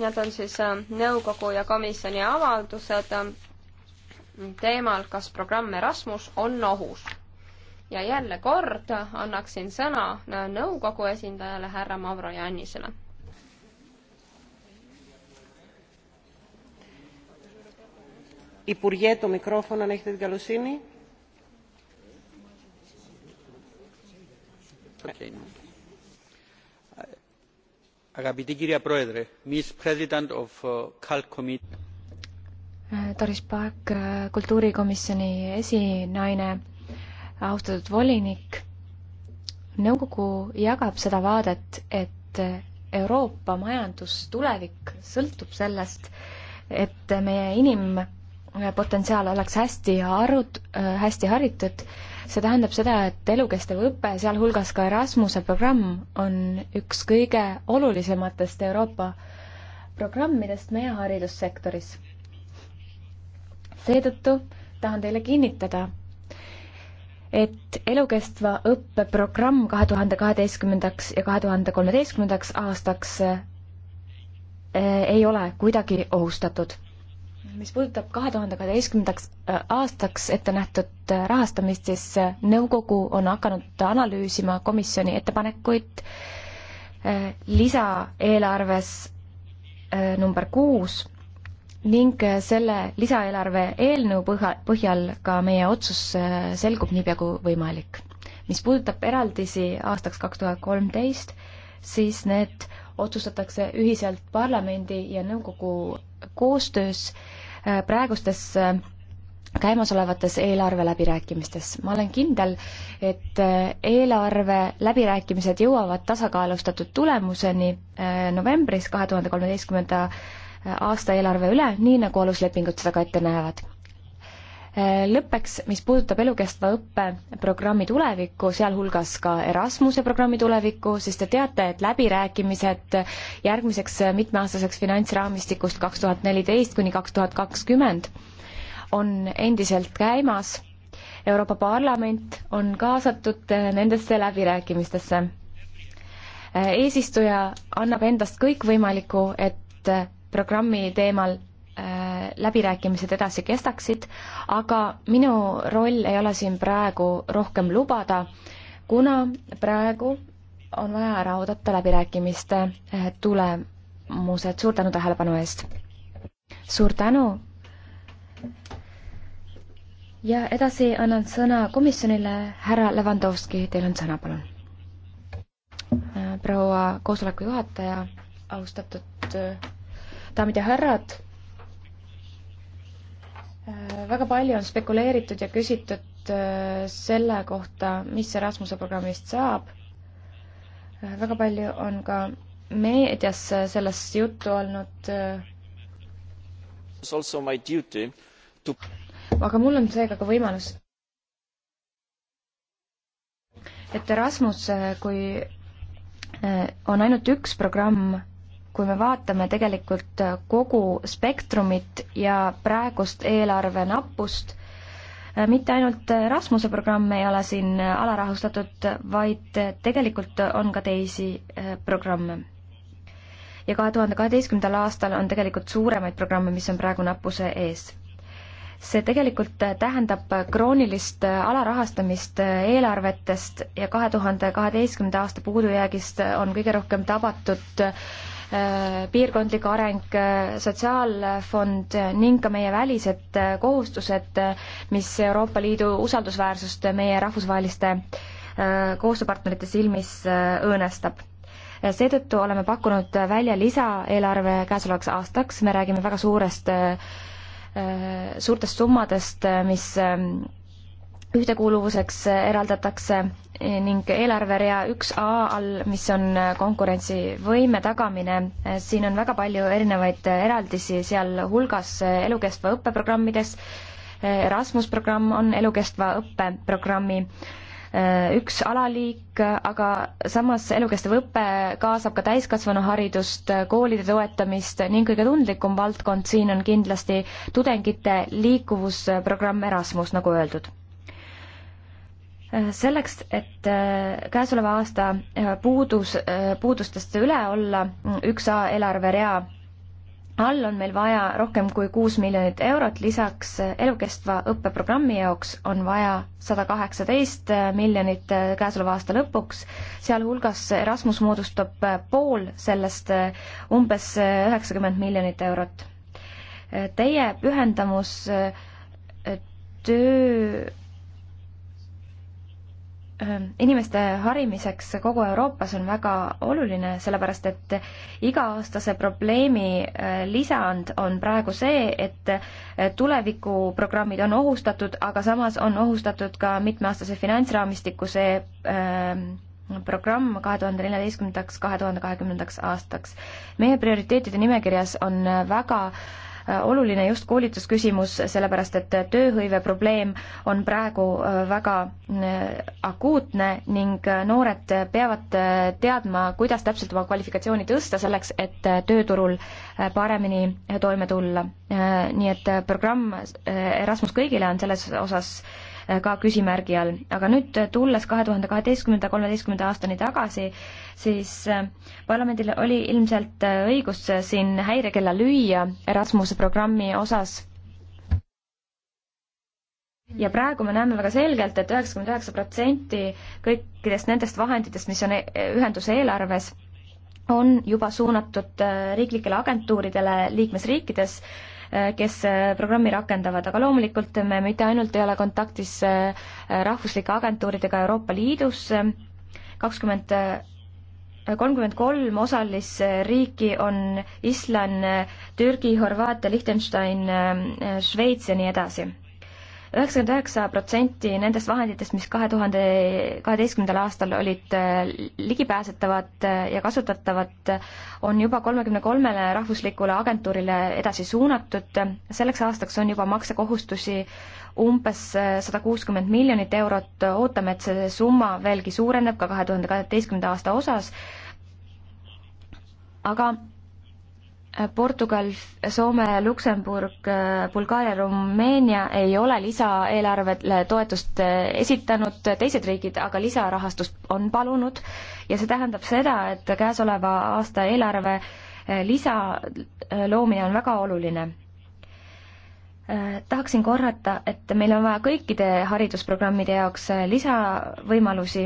Need on siis äh, nõukogu ja komisjoni avaldused äh, teemal, kas programm Erasmus on ohus. ja jälle kord annaksin sõna äh, nõukogu esindajale härra Mavro Jannisele. Υπουργέ, το μικρόφωνο αν έχετε την καλοσύνη. Okay. Uh, äh, doris pack äh, kultuurikomisjoni esinaine austatud volinik nõukogu jagab seda vaadet et äh, euroopa majandustulevik sõltub sellest et meie inimpotentsiaal oleks hästi arut- hästi haritud see tähendab seda, et elukestev õpe, sealhulgas ka Erasmuse programm, on üks kõige olulisematest Euroopa programmidest meie haridussektoris. seetõttu tahan teile kinnitada, et elukestva õppe programm kahe tuhande kaheteistkümnendaks ja kahe tuhande kolmeteistkümnendaks aastaks eh, ei ole kuidagi ohustatud mis puudutab kahe tuhande kaheteistkümnendaks äh, aastaks ette nähtud äh, rahastamist, siis äh, nõukogu on hakanud analüüsima komisjoni ettepanekuid lisaeelarves number kuus ning selle lisaeelarve eelnõu põhja, põhjal ka meie otsus selgub niipea kui võimalik. mis puudutab eraldisi aastaks kaks tuhat kolmteist, siis need otsustatakse ühiselt parlamendi ja nõukogu koostöös äh, Äh, praegustes äh, käimasolevates eelarve läbirääkimistes. ma olen kindel, et äh, eelarve läbirääkimised jõuavad tasakaalustatud tulemuseni novembris kahe tuhande kolmeteistkümnenda aasta eelarve üle, nii nagu aluslepingud seda ka ette näevad. Äh, lõppeks, mis puudutab elukestva õppe programmi tulevikku, sealhulgas ka Erasmuse programmi tulevikku, siis te teate, et läbirääkimised järgmiseks mitmeaastaseks finantsraamistikust kaks tuhat neliteist kuni kaks tuhat kakskümmend on endiselt käimas. Euroopa Parlament on kaasatud äh, nendesse läbirääkimistesse. Äh, eesistuja annab endast kõikvõimalikku, et programmi teemal Äh, läbirääkimised edasi kestaksid, aga minu roll ei ole siin praegu rohkem lubada, kuna praegu on vaja ära oodata läbirääkimiste äh, tulemused. suur tänu tähelepanu eest! suur tänu! ja edasi annan sõna komisjonile, härra Levandovski, teil on sõna, palun. Äh, proua koosoleku juhataja, austatud daamid ja härrad Äh, väga palju on spekuleeritud ja küsitud äh, selle kohta, mis Erasmuse programmist saab. Äh, väga palju on ka meedias sellest juttu olnud. To... aga mul on seega ka võimalus, et Erasmus, kui on ainult üks programm, kui me vaatame tegelikult kogu spektrumit ja praegust eelarve nappust, äh, mitte ainult Rasmuse programm ei ole siin alarahustatud, vaid tegelikult on ka teisi äh, programme. ja kahe tuhande kaheteistkümnendal aastal on tegelikult suuremaid programme, mis on praegu nappuse ees. see tegelikult äh, tähendab kroonilist alarahastamist eelarvetest ja kahe tuhande kaheteistkümnenda aasta puudujäägist on kõige rohkem tabatud äh, Äh, piirkondlik areng, äh, sotsiaalfond ning ka meie välised äh, kohustused, mis Euroopa Liidu usaldusväärsust meie rahvusvaheliste koostööpartnerite silmis õõnestab seetõttu oleme pakkunud välja lisaeelarve käesolevaks aastaks, me räägime väga suurest, suurtest summadest, mis ähm, ühtekuuluvuseks eraldatakse ning eelarverea üks A all, mis on konkurentsivõime tagamine, siin on väga palju erinevaid eraldisi, sealhulgas elukestva õppeprogrammides, Erasmus programm on elukestva õppeprogrammi üks alaliik, aga samas elukestev õpe kaasab ka täiskasvanuharidust, koolide toetamist ning kõige tundlikum valdkond siin on kindlasti tudengite liikuvusprogramm Erasmus, nagu öeldud selleks, et äh, käesoleva aasta äh, puudus, äh, puudustest üle olla, mm, üks A eelarverea all on meil vaja rohkem kui kuus miljonit eurot, lisaks elukestva õppeprogrammi jaoks on vaja sada kaheksateist miljonit käesoleva aasta lõpuks, sealhulgas Erasmus moodustab pool sellest umbes üheksakümmend miljonit eurot. Teie pühendamus töö Äh, inimeste harimiseks kogu Euroopas on väga oluline, sellepärast et iga-aastase probleemi äh, lisand on praegu see, et äh, tulevikuprogrammid on ohustatud, aga samas on ohustatud ka mitmeaastase finantsraamistiku see ähm, programm kahe tuhande neljateistkümnendaks, kahe tuhande kahekümnendaks aastaks. meie prioriteetide nimekirjas on väga äh, Äh, oluline just koolitusküsimus, sellepärast et tööhõive probleem on praegu äh, väga äh, akuutne ning noored peavad teadma, kuidas täpselt oma kvalifikatsiooni tõsta selleks, et tööturul paremini toime tulla. nii et programm Erasmus kõigile on selles osas ka küsimärgi all. aga nüüd äh, tulles kahe tuhande kaheteistkümnenda, kolmeteistkümnenda aastani tagasi, siis äh, parlamendil oli ilmselt äh, õigus siin häirekella lüüa Erasmuse programmi osas ja praegu me näeme väga selgelt et, et üheksakümmend üheksa protsenti kõikidest nendest vahenditest, mis on ühenduse eelarves, on juba suunatud riiklikele agentuuridele liikmesriikides Äh, kes äh, programmi rakendavad, aga loomulikult me mitte ainult ei ole kontaktis äh, rahvuslike agentuuridega Euroopa Liidus, kakskümmend kolmkümmend kolm osalisriiki on Island, Türgi, Horvaatia, Liechtenstein, Šveits ja nii edasi üheksakümmend üheksa protsenti nendest vahenditest, mis kahe tuhande kaheteistkümnendal aastal olid äh, ligipääsetavad äh, ja kasutatavad, on juba kolmekümne kolmele rahvuslikule agentuurile edasi suunatud. selleks aastaks on juba maksekohustusi umbes äh, sada kuuskümmend miljonit eurot, ootame, et see summa veelgi suureneb ka kahe tuhande kaheteistkümnenda aasta osas, aga Äh, Portugal, Soome, Luksemburg, äh, Bulgaaria, Rumeenia ei ole lisaeelarvele toetust äh, esitanud, teised riigid aga lisarahastust on palunud ja see tähendab seda, et käesoleva aasta eelarve lisa loomine on väga oluline. tahaksin korrata, et meil on vaja kõikide haridusprogrammide jaoks lisavõimalusi,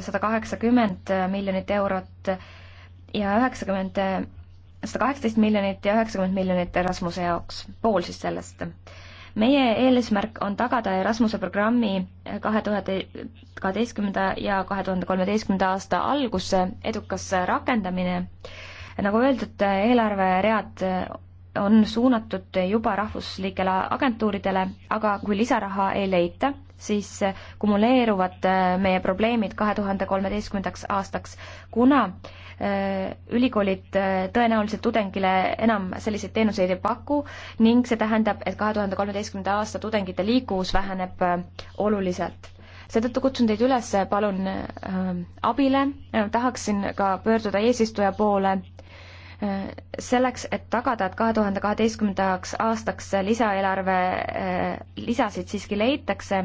sada kaheksakümmend miljonit eurot ja üheksakümmend 90 sada kaheksateist miljonit ja üheksakümmend miljonit Erasmuse jaoks, pool siis sellest. meie eesmärk on tagada Erasmuse programmi kahe tuhande kaheteistkümnenda ja kahe tuhande kolmeteistkümnenda aasta algusse edukas rakendamine. nagu öeldud, eelarveread on suunatud juba rahvuslikele agentuuridele, aga kui lisaraha ei leita, siis kumuleeruvad meie probleemid kahe tuhande kolmeteistkümnendaks aastaks, kuna äh, Äh, ülikoolid äh, tõenäoliselt tudengile enam selliseid teenuseid ei paku ning see tähendab, et kahe tuhande kolmeteistkümnenda aasta tudengite liikuvus väheneb äh, oluliselt. seetõttu kutsun teid üles, palun abile, tahaksin ka pöörduda eesistuja poole selleks, et tagada, et kahe tuhande kaheteistkümnendaks aastaks lisaeelarve eh, lisasid siiski leitakse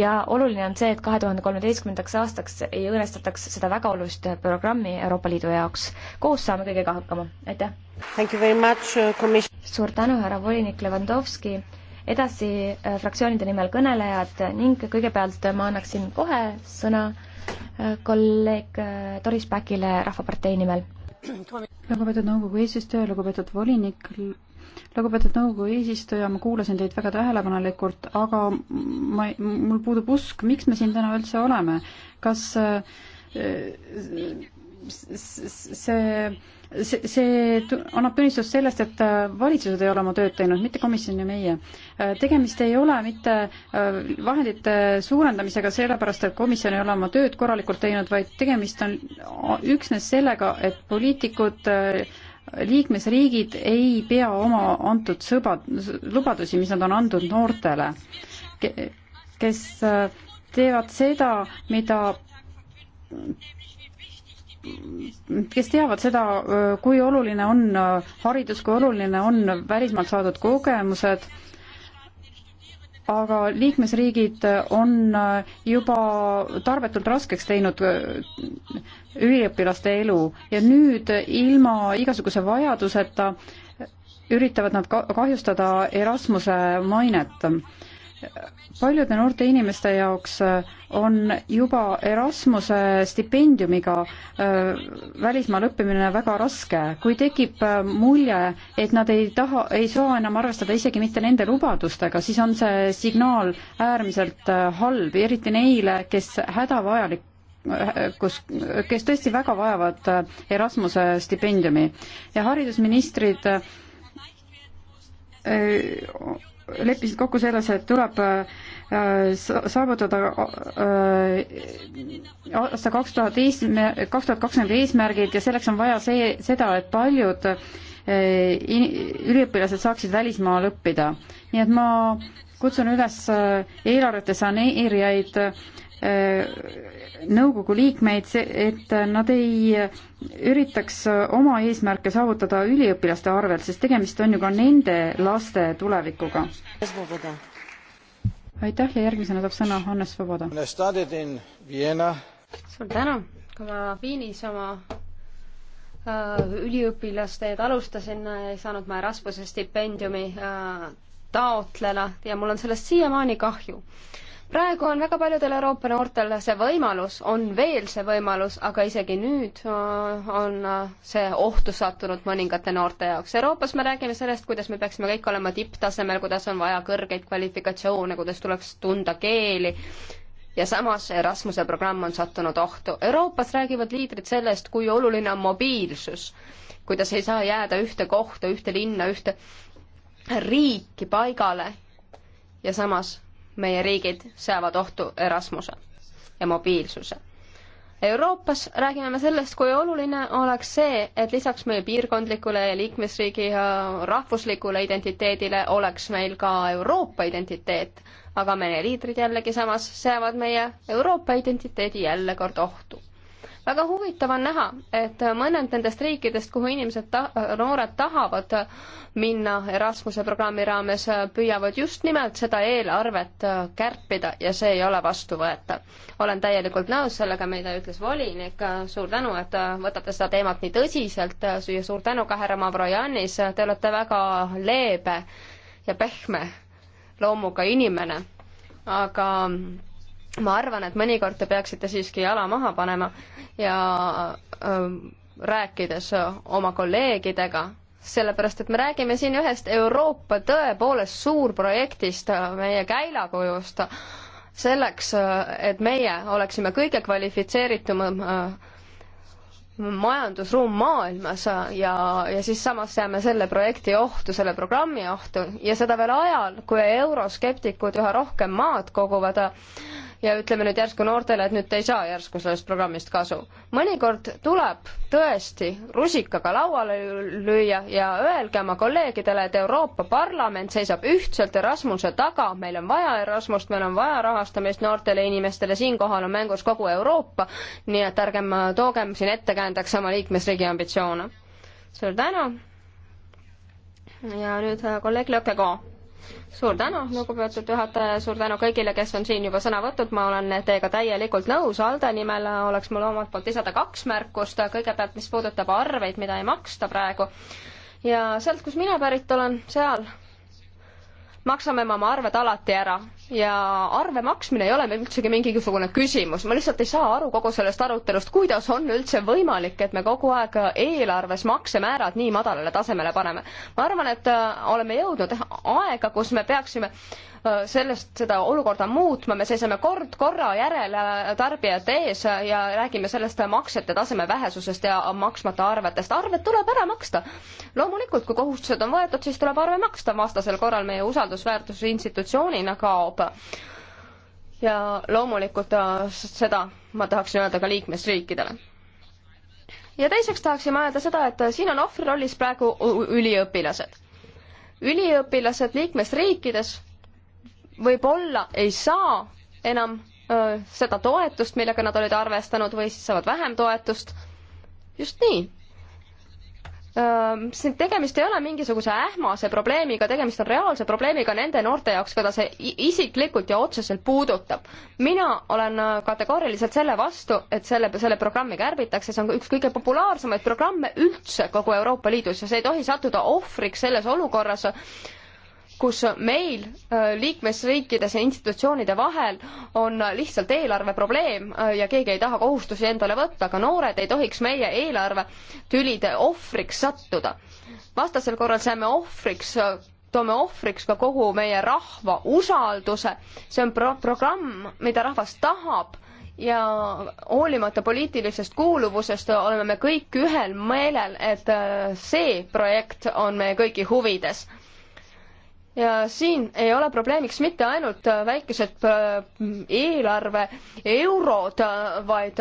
ja oluline on see, et kahe tuhande kolmeteistkümnendaks aastaks ei õõnestataks seda väga olulist programmi Euroopa Liidu jaoks. koos saame kõigega hakkama, aitäh! Uh, suur tänu, härra volinik Levandovski, edasi eh, fraktsioonide nimel kõnelejad ning kõigepealt ma annaksin kohe sõna eh, kolleeg Doris Päkile Rahvapartei nimel lugupeetud nõukogu eesistuja, lugupeetud volinik, lugupeetud nõukogu eesistuja, ma kuulasin teid väga tähelepanelikult, aga ma, mul puudub usk, miks me siin täna üldse oleme. kas äh, see see, see annab tunnistust sellest, et äh, valitsused ei ole oma tööd teinud, mitte komisjon ja meie. Äh, tegemist ei ole mitte äh, vahendite suurendamisega sellepärast, et komisjon ei ole oma tööd korralikult teinud, vaid tegemist on üksnes sellega, et poliitikud liikmesriigid ei pea oma antud sõba, lubadusi, mis nad on andnud noortele, kes teevad seda, mida kes teavad seda, kui oluline on haridus, kui oluline on välismaalt saadud kogemused, aga liikmesriigid on juba tarbetult raskeks teinud üliõpilaste elu ja nüüd ilma igasuguse vajaduseta üritavad nad kahjustada Erasmuse mainet paljude noorte inimeste jaoks äh, on juba Erasmuse stipendiumiga äh, välismaal õppimine väga raske, kui tekib äh, mulje, et nad ei taha, ei saa enam arvestada isegi mitte nende lubadustega, siis on see signaal äärmiselt halb, eriti neile, kes hädavajalik kus, kes tõesti väga vajavad Erasmuse stipendiumi ja haridusministrid leppisid kokku selles, et tuleb äh, saavutada äh, aasta kaks tuhat eesmär-, kaks tuhat kakskümmend eesmärgid ja selleks on vaja see, seda, et paljud äh, üliõpilased saaksid välismaal õppida. nii et ma kutsun üles eelarvete saneerijaid Äh, nõukogu liikmeid, et nad ei üritaks oma eesmärke saavutada üliõpilaste arvelt, sest tegemist on ju ka nende laste tulevikuga. aitäh ja järgmisena saab sõna Hannes Voboda. suur tänu, kui ma Viinis oma äh, üliõpilasteed alustasin, äh, ei saanud ma Erasmuse stipendiumi taotlejana ja mul on sellest siiamaani kahju praegu on väga paljudel Euroopa noortel see võimalus, on veel see võimalus, aga isegi nüüd äh, on äh, see ohtu sattunud mõningate noorte jaoks. Euroopas me räägime sellest, kuidas me peaksime kõik olema tipptasemel, kuidas on vaja kõrgeid kvalifikatsioone, kuidas tuleks tunda keeli, ja samas Erasmuse programm on sattunud ohtu. Euroopas räägivad liidrid sellest, kui oluline on mobiilsus, kuidas ei saa jääda ühte kohta, ühte linna, ühte riiki paigale ja samas meie riigid seavad ohtu Erasmuse ja mobiilsuse. Euroopas räägime me sellest, kui oluline oleks see, et lisaks meie piirkondlikule ja liikmesriigi ja rahvuslikule identiteedile oleks meil ka Euroopa identiteet, aga meie liidrid jällegi samas seavad meie Euroopa identiteedi jälle kord ohtu väga huvitav on näha, et mõned nendest riikidest, kuhu inimesed ta-, noored tahavad minna Erasmuse programmi raames, püüavad just nimelt seda eelarvet kärpida ja see ei ole vastuvõetav. olen täielikult nõus sellega, mida ütles volinik, suur tänu, et võtate seda teemat nii tõsiselt ja suur tänu ka härra Mavrojanis, te olete väga leebe ja pehme loomuga inimene, aga ma arvan, et mõnikord te peaksite siiski jala maha panema ja äh, rääkides oma kolleegidega, sellepärast et me räägime siin ühest Euroopa tõepoolest suurprojektist, meie käilakujust, selleks, et meie oleksime kõige kvalifitseeritum majandusruum maailmas ja, ja siis samas jääme selle projekti ohtu, selle programmi ohtu ja seda veel ajal, kui euroskeptikud üha rohkem maad koguvad äh, ja ütleme nüüd järsku noortele, et nüüd te ei saa järsku sellest programmist kasu. mõnikord tuleb tõesti rusikaga lauale lüüa ja öelge oma kolleegidele, et Euroopa Parlament seisab ühtselt Erasmuse taga, meil on vaja Erasmust, meil on vaja rahastamist noortele inimestele, siinkohal on mängus kogu Euroopa, nii et ärgem toogem siin ettekäändeks oma liikmesriigi ambitsioone. suur tänu ja nüüd äh, kolleeg Lõkke Koo suur tänu, lugupeetud juhataja, suur tänu kõigile, kes on siin juba sõna võtnud, ma olen teiega täielikult nõus, Alde nimel oleks mul omalt poolt lisada kaks märkust, kõigepealt mis puudutab arveid, mida ei maksta praegu, ja sealt, kus mina pärit olen, seal maksame me oma arved alati ära ja arve maksmine ei ole meil üldsegi mingisugune küsimus, ma lihtsalt ei saa aru kogu sellest arutelust, kuidas on üldse võimalik, et me kogu aeg eelarves maksemäärad nii madalale tasemele paneme. ma arvan, et äh, oleme jõudnud aega, kus me peaksime äh, Äh, sellest, seda olukorda muutma, me seisame kord korra järel äh, tarbijate ees äh, ja räägime sellest maksete taseme vähesusest ja maksmata arvetest. arved tuleb ära maksta. loomulikult, kui kohustused on võetud, siis tuleb arve maksta, vastasel korral meie usaldusväärtus institutsioonina kaob. ja loomulikult seda ma tahaksin öelda ka liikmesriikidele ja teiseks tahaksime öelda seda, et siin on ohvrirollis praegu üliõpilased. üliõpilased liikmesriikides võib-olla ei saa enam öö, seda toetust, millega nad olid arvestanud või siis saavad vähem toetust. just nii. siin tegemist ei ole mingisuguse ähmase probleemiga, tegemist on reaalse probleemiga nende noorte jaoks, keda see isiklikult ja otseselt puudutab. mina olen kategooriliselt selle vastu, et selle, selle programmi kärbitakse, see on üks kõige populaarsemaid programme üldse kogu Euroopa Liidus ja see ei tohi sattuda ohvriks selles olukorras, kus meil äh, liikmesriikides ja institutsioonide vahel on lihtsalt eelarveprobleem äh, ja keegi ei taha kohustusi endale võtta, aga noored ei tohiks meie eelarvetülide ohvriks sattuda. vastasel korral saame ohvriks äh, toome ohvriks ka kogu meie rahva usalduse, see on pro-, programm, mida rahvas tahab ja hoolimata poliitilisest kuuluvusest oleme me kõik ühel meelel, et see projekt on meie kõigi huvides ja siin ei ole probleemiks mitte ainult äh, väikesed äh, eelarve eurod, äh, vaid,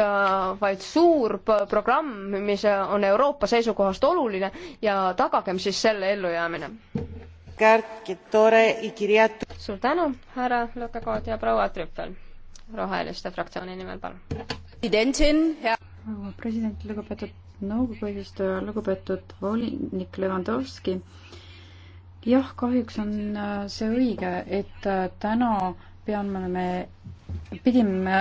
vaid suur programm, mis on Euroopa seisukohast oluline ja tagagem siis selle ellujäämine. suur tänu, härra Lõkekaard ja proua Trüppel, Roheliste fraktsiooni nimel, palun. president, lugupeetud nõukogu eesistuja, lugupeetud volinik Levandovski jah, kahjuks on äh, see õige, et äh, täna peame me, pidime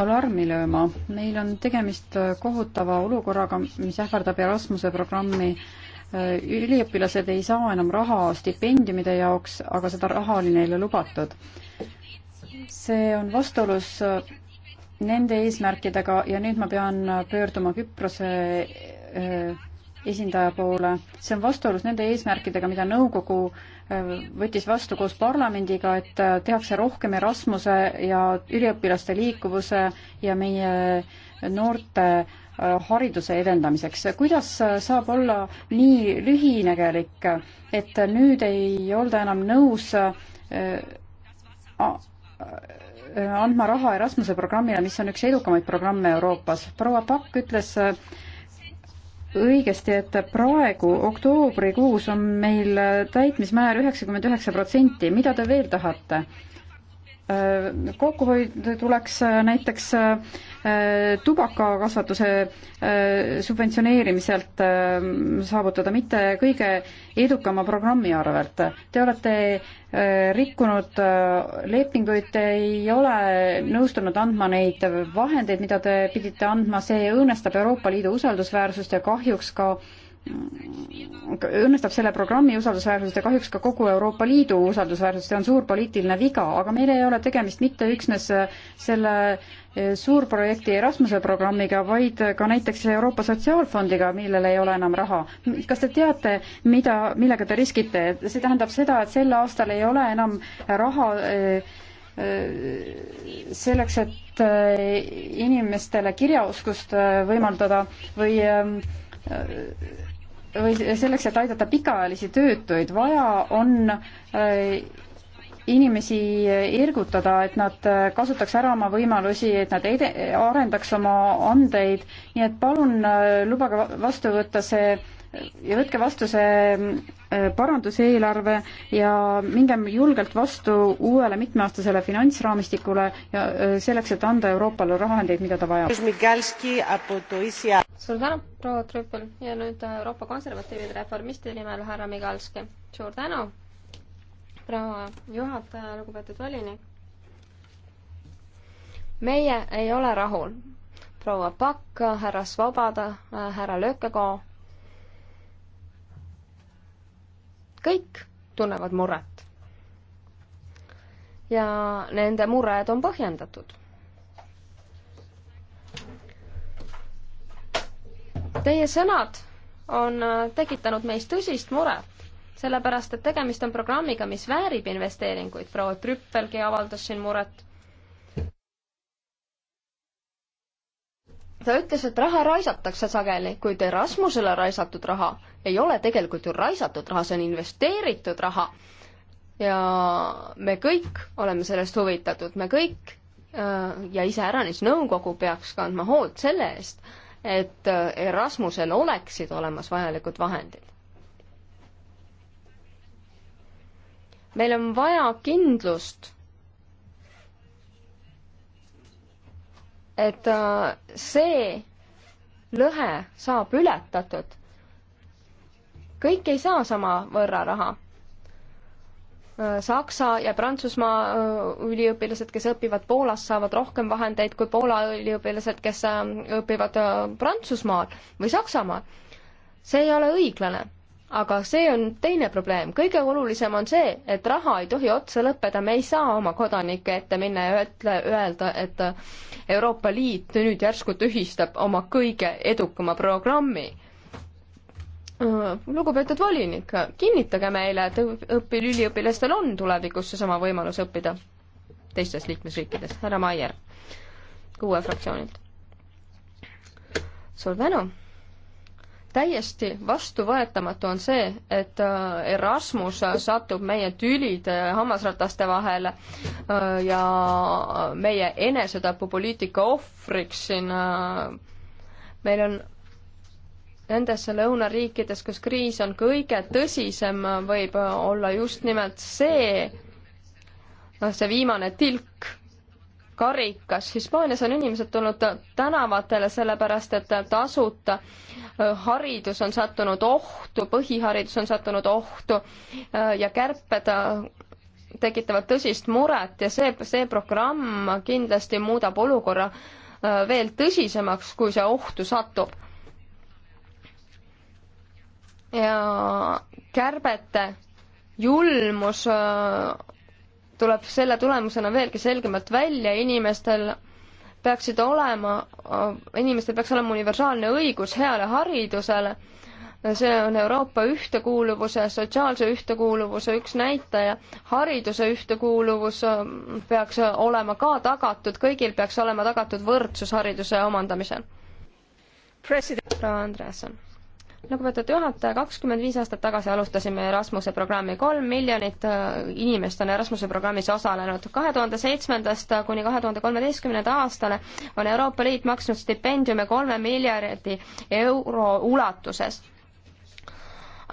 alarmi lööma. meil on tegemist äh, kohutava olukorraga, mis ähvardab Erasmuse programmi. üliõpilased ei saa enam raha stipendiumide jaoks, aga seda raha oli neile lubatud. see on vastuolus nende eesmärkidega ja nüüd ma pean pöörduma Küprose esindaja poole. see on vastuolus nende eesmärkidega, mida nõukogu äh, võttis vastu koos parlamendiga, et äh, tehakse rohkem Erasmuse ja üliõpilaste liikuvuse ja meie noorte äh, hariduse edendamiseks. kuidas saab olla nii lühinägelik, et nüüd ei olda enam nõus andma raha Erasmuse programmile, mis on üks edukamaid programme Euroopas. proua Pakk ütles õigesti, et praegu oktoobrikuus on meil täitmismäär üheksakümmend üheksa protsenti, mida te veel tahate? kokkuhoid tuleks näiteks äh, Äh, tubakakasvatuse äh, subventsioneerimiselt äh, saavutada, mitte kõige edukama programmi arvelt. Te olete rikkunud lepinguid, te ei ole nõustunud andma neid vahendeid, mida te pidite andma, see õõnestab Euroopa Liidu usaldusväärsust ja kahjuks ka äh, õnnestab selle programmi usaldusväärsust ja kahjuks ka kogu Euroopa Liidu usaldusväärsust, see on suur poliitiline viga, aga meil ei ole tegemist mitte üksnes selle suurprojekti Erasmuse programmiga, vaid ka näiteks Euroopa Sotsiaalfondiga, millel ei ole enam raha. kas te teate, mida, millega te riskite, et see tähendab seda, et sel aastal ei ole enam raha eh, eh, selleks, et eh, inimestele kirjaoskust võimaldada või või selleks, et aidata pikaajalisi töötuid, vaja on äh, inimesi ergutada, et nad äh, kasutaks ära oma võimalusi, et nad ede-, arendaks oma andeid, nii et palun äh, lubage vastu võtta see ja võtke vastu see äh, paranduseelarve ja mingem julgelt vastu uuele mitmeaastasele finantsraamistikule ja äh, selleks, et anda Euroopale vahendeid, mida ta vajab. suur tänu, proua Trüppel ja nüüd äh, Euroopa konservatiivide reformistide nimel härra Migalski. suur tänu, proua juhataja, lugupeetud volinik. meie ei ole rahul. proua Pakk, härra Svoboda, härra Lökekoo kõik tunnevad muret. ja nende mured on põhjendatud. Teie sõnad on äh, tekitanud meis tõsist muret, sellepärast et tegemist on programmiga, mis väärib investeeringuid, proua Trüppelgi avaldas siin muret ta ütles, et raha raisatakse sageli, kuid Erasmusele raisatud raha ei ole tegelikult ju raisatud raha, see on investeeritud raha. ja me kõik oleme sellest huvitatud, me kõik äh, ja iseäranis nõukogu peaks kandma hoolt selle eest, et äh, Erasmusel oleksid olemas vajalikud vahendid. meil on vaja kindlust et äh, see lõhe saab ületatud. kõik ei saa samavõrra raha. Äh, Saksa ja Prantsusmaa äh, üliõpilased, kes õpivad Poolas, saavad rohkem vahendeid kui Poola üliõpilased, kes õpivad Prantsusmaal või Saksamaal. see ei ole õiglane aga see on teine probleem, kõige olulisem on see, et raha ei tohi otsa lõppeda, me ei saa oma kodanike ette minna ja ütle, öelda, et Euroopa Liit nüüd järsku tühistab oma kõige edukama programmi. Äh, lugupeetud volinik, kinnitage meile, et õpil-, üliõpilastel on tulevikus seesama võimalus õppida teistes liikmesriikides, härra Maier, kuue fraktsioonilt. suur tänu täiesti vastuvõetamatu on see, et äh, Erasmus satub meie tülide äh, hammasrataste vahele äh, ja meie enesetapupoliitika ohvriks siin. meil on nendes lõunariikides, kus kriis on kõige tõsisem, võib olla just nimelt see, noh, see viimane tilk karikas. Hispaanias on inimesed tulnud tänavatele sellepärast, et tasuta haridus on sattunud ohtu, põhiharidus on sattunud ohtu ja kärped tekitavad tõsist muret ja see, see programm kindlasti muudab olukorra veel tõsisemaks, kui see ohtu satub. ja kärbete julmus tuleb selle tulemusena veelgi selgemalt välja, inimestel peaksid olema, inimestel peaks olema universaalne õigus heale haridusele, see on Euroopa ühtekuuluvuse, sotsiaalse ühtekuuluvuse üks näitaja, hariduse ühtekuuluvus ähm, peaks olema ka tagatud, kõigil peaks olema tagatud võrdsus hariduse omandamisel. proua Andreasen lugupeetud juhataja, kakskümmend viis aastat tagasi alustasime Erasmuse programmi, kolm miljonit äh, inimest on Erasmuse programmis osalenud. kahe tuhande seitsmendast kuni kahe tuhande kolmeteistkümnenda aastane on Euroopa Liit maksnud stipendiume kolme miljardi euro ulatuses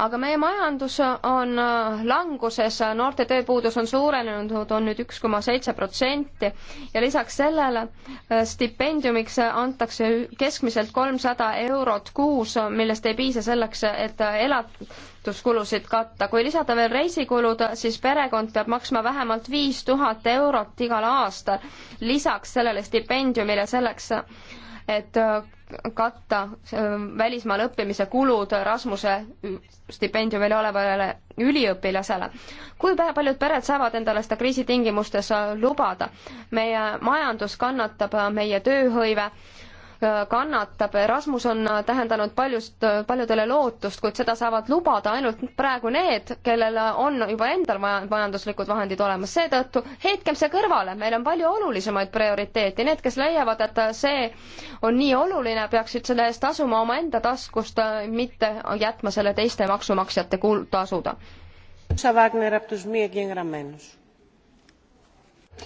aga meie majandus on äh, languses, noorte tööpuudus on suurenenud, on nüüd üks koma seitse protsenti ja lisaks sellele äh, stipendiumiks antakse keskmiselt kolmsada eurot kuus, millest ei piisa selleks, et äh, elatuskulusid katta. kui lisada veel reisikulud, siis perekond peab maksma vähemalt viis tuhat eurot igal aastal lisaks sellele stipendiumile selleks, et äh, katta äh, välismaal õppimise kulud Rasmuse stipendiumil olevale üliõpilasele. kui paljud pered saavad endale seda kriisi tingimustes äh, lubada? meie majandus kannatab, meie tööhõive kannatab. Erasmus on tähendanud paljust, paljudele lootust, kuid seda saavad lubada ainult praegu need, kellel on juba endal majanduslikud vahendid olemas. seetõttu heitkem see kõrvale, meil on palju olulisemaid prioriteete. Need, kes leiavad, et see on nii oluline, peaksid selle eest tasuma omaenda taskust, mitte jätma selle teiste maksumaksjate kuul-, tasuda.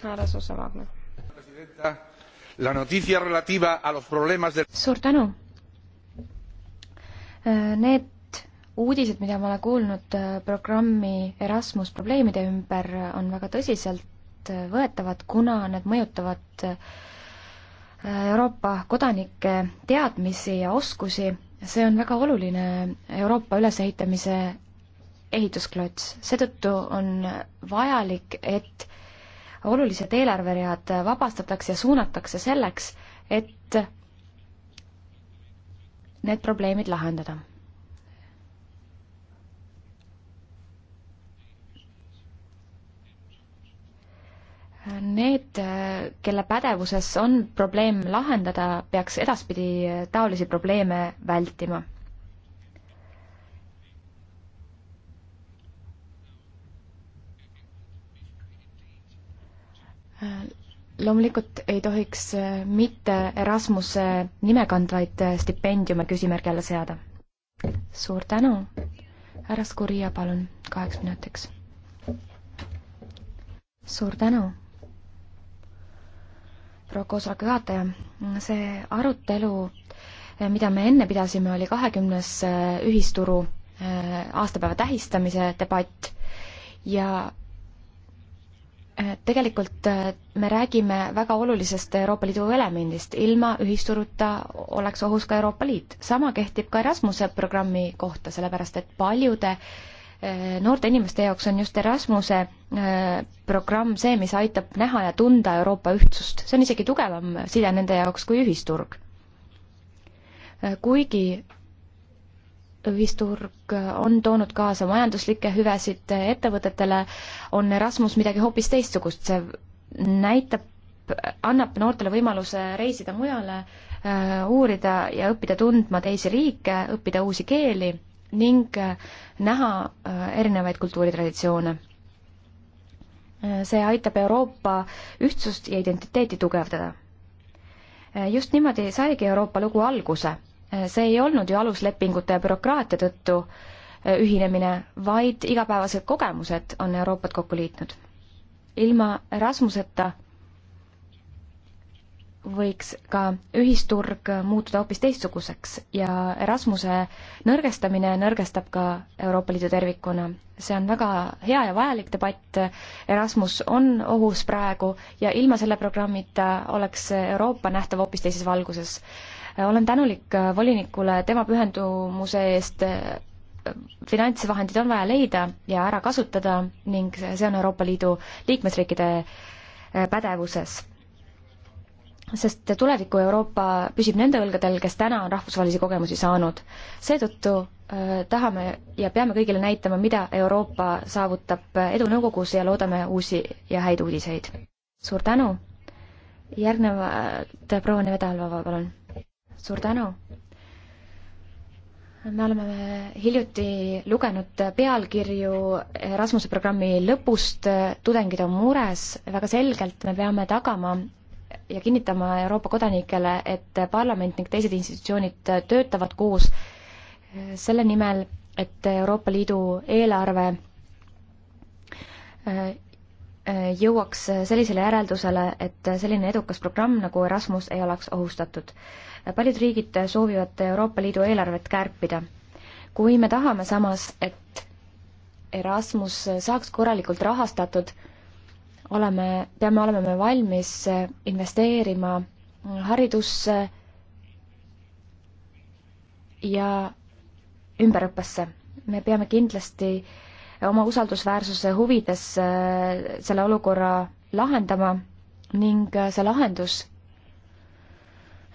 härra Susa Wagner. La noticia relativa a los problemas de... suur tänu! Äh, need uudised, mida ma olen kuulnud äh, programmi Erasmus probleemide ümber, äh, on väga tõsiselt võetavad, kuna need mõjutavad Euroopa kodanike teadmisi ja oskusi. see on väga oluline Euroopa ülesehitamise ehitusklots, seetõttu on vajalik, et olulised eelarveread vabastatakse ja suunatakse selleks, et need probleemid lahendada. Need, kelle pädevuses on probleem lahendada, peaks edaspidi taolisi probleeme vältima loomulikult ei tohiks äh, mitte Erasmuse nime kandvaid äh, stipendiume küsimärgi alla seada. suur tänu, härra Skuria, palun, kaheks minutiks. suur tänu proua koosoleku juhataja, see arutelu, äh, mida me enne pidasime, oli kahekümnes ühisturu aastapäeva tähistamise debatt ja Äh, tegelikult äh, me räägime väga olulisest Euroopa Liidu elemendist, ilma ühisturuta oleks ohus ka Euroopa Liit. sama kehtib ka Erasmuse programmi kohta, sellepärast et paljude äh, noorte inimeste jaoks on just Erasmuse programm see, mis aitab näha ja tunda Euroopa ühtsust. see on isegi tugevam side nende jaoks kui ühisturg. kuigi ühisturg on toonud kaasa majanduslikke hüvesid ettevõtetele, on Erasmus midagi hoopis teistsugust, see näitab, annab noortele võimaluse reisida mujale, äh, uurida ja õppida tundma teisi riike, õppida uusi keeli ning äh, näha äh, erinevaid kultuuritraditsioone. see aitab Euroopa ühtsust ja identiteeti tugevdada. just niimoodi saigi Euroopa lugu alguse Äh, see ei olnud ju aluslepingute ja bürokraatia tõttu äh, ühinemine, vaid igapäevased kogemused on Euroopat kokku liitnud. ilma Erasmuseta võiks ka ühisturg muutuda hoopis teistsuguseks ja Erasmuse nõrgestamine nõrgestab ka Euroopa Liidu tervikuna. see on väga hea ja vajalik debatt, Erasmus on ohus praegu ja ilma selle programmita oleks Euroopa nähtav hoopis teises valguses olen tänulik äh, volinikule tema pühendumuse eest, finantsvahendid on vaja leida ja ära kasutada ning see on Euroopa Liidu liikmesriikide äh, pädevuses. sest tuleviku Euroopa püsib nende õlgadel, kes täna on rahvusvahelisi kogemusi saanud. seetõttu äh, tahame ja peame kõigile näitama, mida Euroopa saavutab edu nõukogus ja loodame uusi ja häid uudiseid. suur tänu! järgnevalt proua Nevedalova, palun suur tänu! me oleme hiljuti lugenud pealkirju Erasmuse programmi lõpust, tudengid on mures, väga selgelt me peame tagama ja kinnitama Euroopa kodanikele, et parlament ning teised institutsioonid töötavad koos selle nimel, et Euroopa Liidu eelarve äh, äh, jõuaks sellisele järeldusele, et selline edukas programm nagu Erasmus ei oleks ohustatud paljud riigid soovivad Euroopa Liidu eelarvet kärpida. kui me tahame samas, et Erasmus saaks korralikult rahastatud, oleme, peame olema me valmis investeerima haridusse ja ümberõppesse. me peame kindlasti oma usaldusväärsuse huvides selle olukorra lahendama ning see lahendus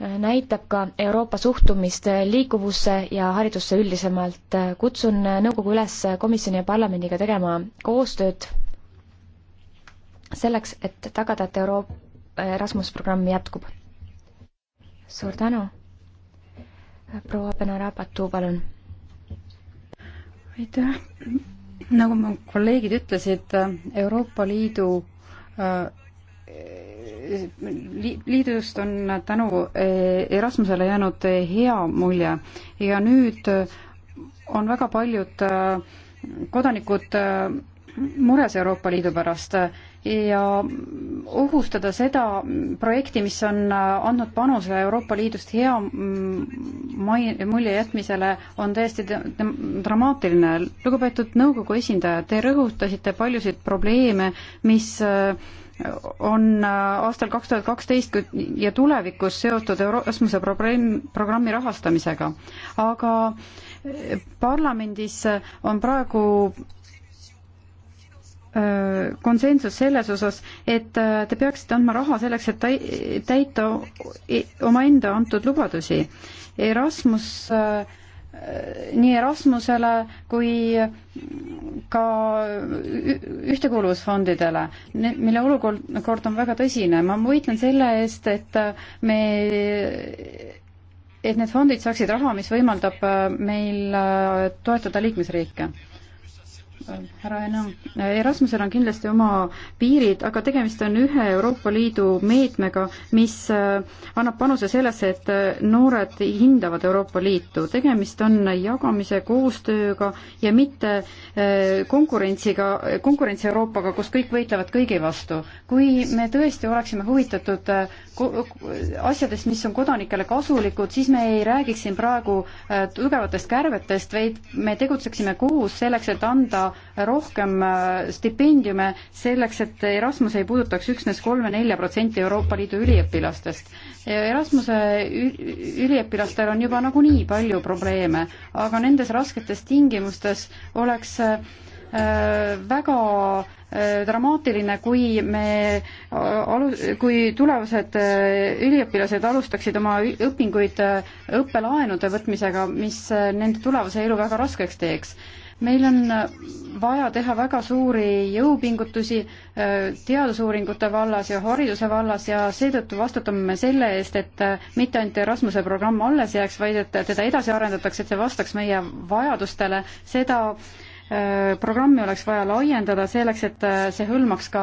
näitab ka Euroopa suhtumist liikuvusse ja haridusse üldisemalt. kutsun nõukogu üles komisjoni ja parlamendiga tegema koostööd selleks, et tagada, et Euro-, Erasmus programm jätkub. suur tänu. proua Benarabatu, palun. aitäh. nagu mu kolleegid ütlesid, Euroopa Liidu äh, liidust on tänu eh, Erasmusele jäänud eh, hea mulje ja nüüd eh, on väga paljud kodanikud mures Euroopa Liidu pärast ja ohustada seda projekti, mis on andnud panuse Euroopa Liidust hea mm, mulje jätmisele, on täiesti dramaatiline. lugupeetud nõukogu esindaja, te rõhutasite paljusid probleeme, mis on äh, aastal kaks tuhat kaksteist ja tulevikus seotud Erasmuse probleem, programmi rahastamisega. aga äh, parlamendis äh, on praegu konsensus selles osas, et te peaksite andma raha selleks, et täita omaenda antud lubadusi. Erasmus äh, nii Erasmusele kui ka ühtekuuluvusfondidele, mille olukord, kord on väga tõsine. ma võitlen selle eest, et me, et need fondid saaksid raha, mis võimaldab meil toetada liikmesriike härra Enam, Erasmusel on kindlasti oma piirid, aga tegemist on ühe Euroopa Liidu meetmega, mis äh, annab panuse sellesse, et äh, noored hindavad Euroopa Liitu. tegemist on jagamise, koostööga ja mitte äh, konkurentsiga, konkurents Euroopaga, kus kõik võitlevad kõigi vastu. kui me tõesti oleksime huvitatud asjadest, mis on kodanikele kasulikud, siis me ei räägiks siin praegu tugevatest kärbetest, vaid me tegutseksime koos selleks, et anda rohkem äh, stipendiume selleks, et Erasmus ei puudutaks üksnes kolme-nelja protsenti Euroopa Liidu üliõpilastest. Erasmuse üliõpilastel on juba nagunii palju probleeme, aga nendes rasketes tingimustes oleks äh, väga äh, dramaatiline, kui me alu-, kui tulevased üliõpilased alustaksid oma õpinguid õppelaenude võtmisega, mis nende tulevase elu väga raskeks teeks meil on äh, vaja teha väga suuri jõupingutusi äh, teadusuuringute vallas ja hariduse vallas ja seetõttu vastutame me selle eest, et äh, mitte ainult Erasmuse programm alles jääks, vaid et teda edasi arendatakse, et see vastaks meie vajadustele, seda programmi oleks vaja laiendada selleks, et see hõlmaks ka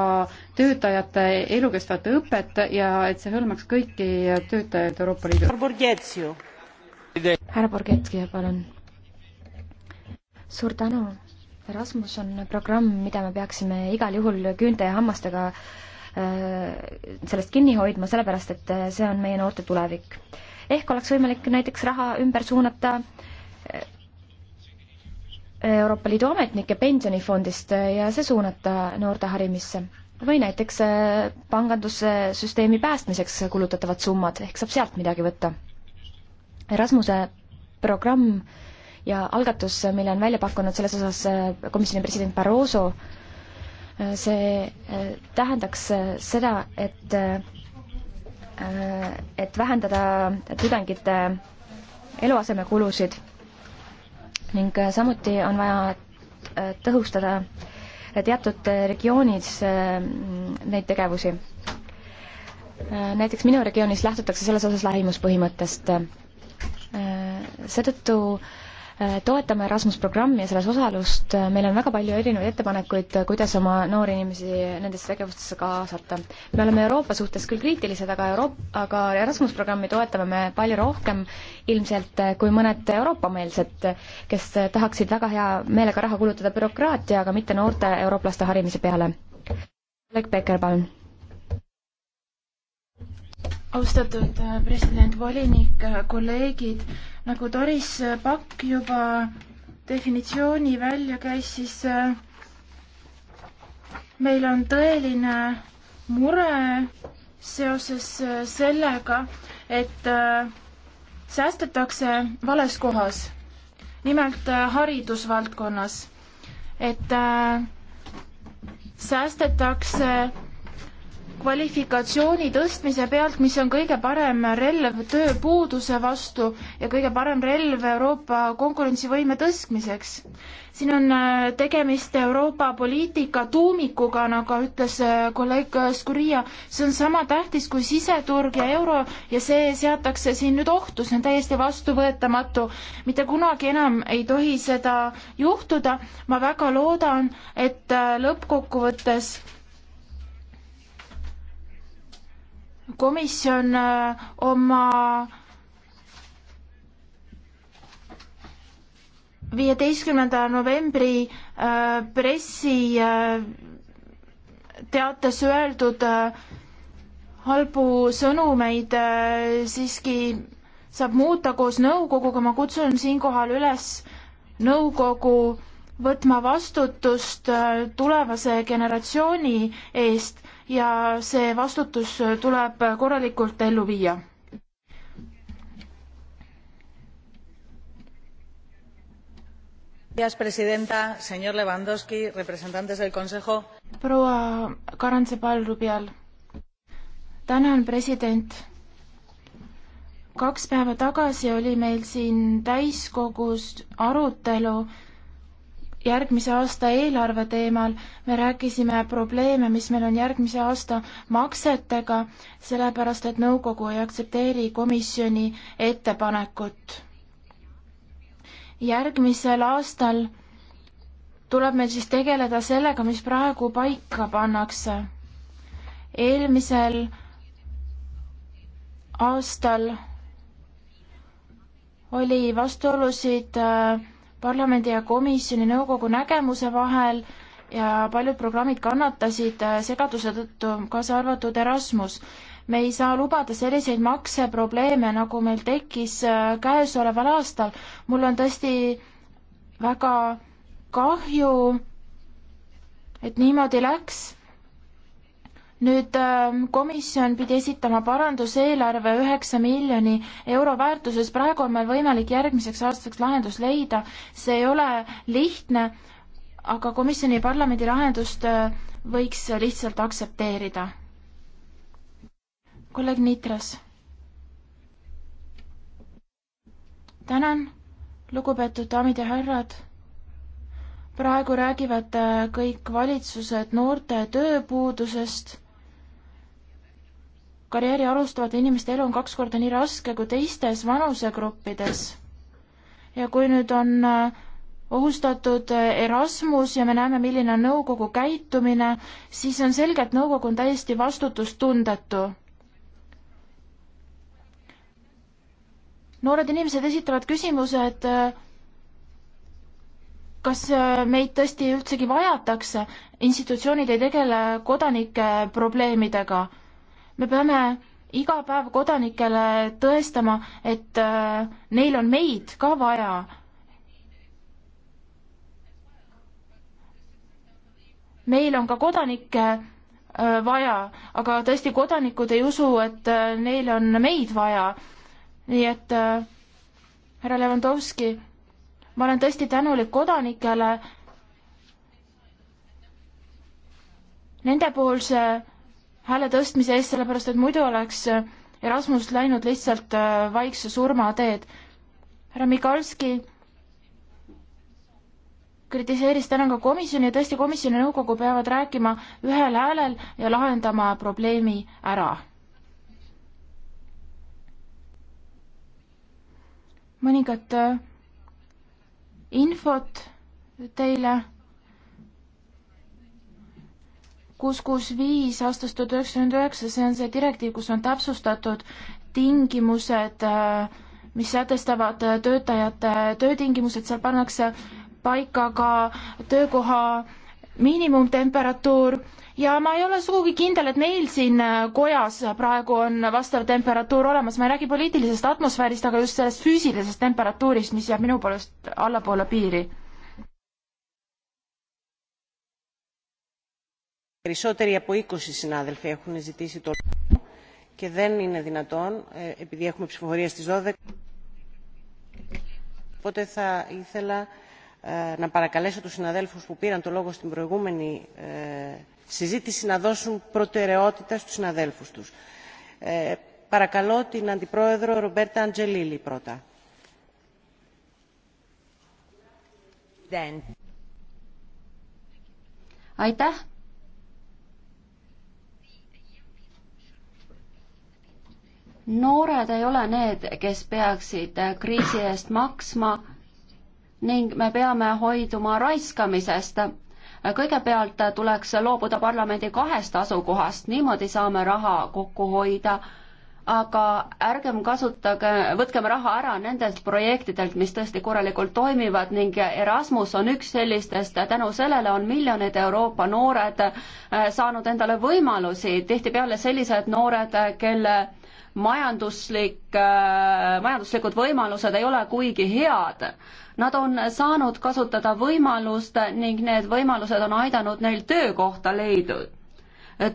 töötajate elukestvat õpet ja et see hõlmaks kõiki töötajaid Euroopa Liidus. härra Borgetski, palun suur tänu. Erasmus on programm, mida me peaksime igal juhul küünte ja hammastega äh, sellest kinni hoidma, sellepärast et äh, see on meie noorte tulevik. ehk oleks võimalik näiteks raha ümber suunata äh, Euroopa Liidu ametnike pensionifondist ja see suunata noorte harimisse. või näiteks pangandussüsteemi päästmiseks kulutatavad summad, ehk saab sealt midagi võtta. Erasmuse programm äh, ja algatus, mille on välja pakkunud selles osas äh, komisjoni president Barroso, äh, see äh, tähendaks seda, et et vähendada tudengite eluasemekulusid ning samuti on vaja tõhustada teatud regioonis neid tegevusi. näiteks minu regioonis lähtutakse selles osas lähimuspõhimõttest. seetõttu äh, Äh, toetame Erasmus programmi ja selles osalust, äh, meil on väga palju erinevaid ettepanekuid, äh, kuidas oma noori inimesi nendesse tegevustesse kaasata. me oleme Euroopa suhtes küll kriitilised, aga Euroop-, aga Erasmus programmi toetame me palju rohkem ilmselt kui mõned Euroopa-meelsed, kes tahaksid väga hea meelega raha kulutada bürokraatiaga, mitte noorte eurooplaste harimise peale. Oleg Peker, palun austatud president, volinik, kolleegid, nagu Doris Pakk juba definitsiooni välja käis, siis äh, meil on tõeline mure seoses äh, sellega, et äh, säästetakse vales kohas, nimelt haridusvaldkonnas, et säästetakse kvalifikatsiooni tõstmise pealt, mis on kõige parem relv tööpuuduse vastu ja kõige parem relv Euroopa konkurentsivõime tõstmiseks. siin on äh, tegemist Euroopa poliitika tuumikuga, nagu ütles äh, kolleeg Skuria, see on sama tähtis kui siseturg ja euro ja see seatakse siin nüüd ohtu, see on täiesti vastuvõetamatu. mitte kunagi enam ei tohi seda juhtuda, ma väga loodan, et äh, lõppkokkuvõttes komisjon äh, oma viieteistkümnenda novembri äh, pressiteates äh, öeldud halbu sõnumeid siiski saab muuta koos nõukoguga, ma kutsun siinkohal üles nõukogu võtma vastutust tulevase generatsiooni eest ja see vastutus tuleb korralikult ellu viia. proua Karantsepal-Rubial, tänan, president kaks päeva tagasi oli meil siin täiskogus arutelu järgmise aasta eelarve teemal me rääkisime probleeme, mis meil on järgmise aasta maksetega, sellepärast et nõukogu ei aktsepteeri komisjoni ettepanekut. järgmisel aastal tuleb meil siis tegeleda sellega, mis praegu paika pannakse. eelmisel aastal oli vastuolusid äh, parlamendi ja komisjoni nõukogu nägemuse vahel ja paljud programmid kannatasid äh, segaduse tõttu, kaasa arvatud Erasmus. me ei saa lubada selliseid makseprobleeme, nagu meil tekkis äh, käesoleval aastal. mul on tõesti väga kahju, et niimoodi läks nüüd ähm, komisjon pidi esitama paranduseelarve üheksa miljoni euro väärtuses, praegu on meil võimalik järgmiseks aastaks lahendus leida, see ei ole lihtne, aga komisjoni ja parlamendi lahendust äh, võiks lihtsalt aktsepteerida. kolleeg Nitras. tänan, lugupeetud daamid ja härrad praegu räägivad äh, kõik valitsused noorte tööpuudusest karjääri alustavate inimeste elu on kaks korda nii raske kui teistes vanusegruppides. ja kui nüüd on äh, ohustatud äh, Erasmus ja me näeme, milline on nõukogu käitumine, siis on selge, et nõukogu on täiesti vastutustundetu. noored inimesed esitavad küsimuse, et äh, kas meid tõesti üldsegi vajatakse, institutsioonid ei tegele kodanike probleemidega me peame iga päev kodanikele tõestama, et äh, neil on meid ka vaja. meil on ka kodanikke äh, vaja, aga tõesti, kodanikud ei usu, et äh, neil on meid vaja. nii et härra Levanovski, ma olen tõesti tänulik kodanikele, nendepoolse hääle tõstmise eest, sellepärast et muidu oleks äh, Erasmus läinud lihtsalt äh, vaikse surma teed. härra Mikalski kritiseeris täna ka komisjoni ja tõesti, komisjon ja nõukogu peavad rääkima ühel häälel ja lahendama probleemi ära. mõningat äh, infot teile kuus, kuus, viis aastast tuhat üheksasada üheksa, see on see direktiiv, kus on täpsustatud tingimused, mis sätestavad töötajate töötingimused, seal pannakse paika ka töökoha miinimumtemperatuur ja ma ei ole sugugi kindel, et meil siin kojas praegu on vastav temperatuur olemas, ma ei räägi poliitilisest atmosfäärist, aga just sellest füüsilisest temperatuurist, mis jääb minu poolest allapoole piiri Περισσότεροι από 20 συνάδελφοι έχουν ζητήσει το λόγο και δεν είναι δυνατόν, επειδή έχουμε ψηφοφορία στις 12. Οπότε θα ήθελα να παρακαλέσω τους συναδέλφους που πήραν το λόγο στην προηγούμενη συζήτηση να δώσουν προτεραιότητα στους συναδέλφους τους. Παρακαλώ την Αντιπρόεδρο Ρομπέρτα Αντζελίλη πρώτα. aitäh noored ei ole need, kes peaksid äh, kriisi eest maksma ning me peame hoiduma raiskamisest. kõigepealt äh, tuleks loobuda parlamendi kahest asukohast, niimoodi saame raha kokku hoida, aga ärgem kasutage, võtkem raha ära nendelt projektidelt, mis tõesti korralikult toimivad ning Erasmus on üks sellistest, tänu sellele on miljonid Euroopa noored äh, saanud endale võimalusi, tihtipeale sellised noored, kelle majanduslik, äh, majanduslikud võimalused ei ole kuigi head. Nad on saanud kasutada võimalust ning need võimalused on aidanud neil töökohta leida.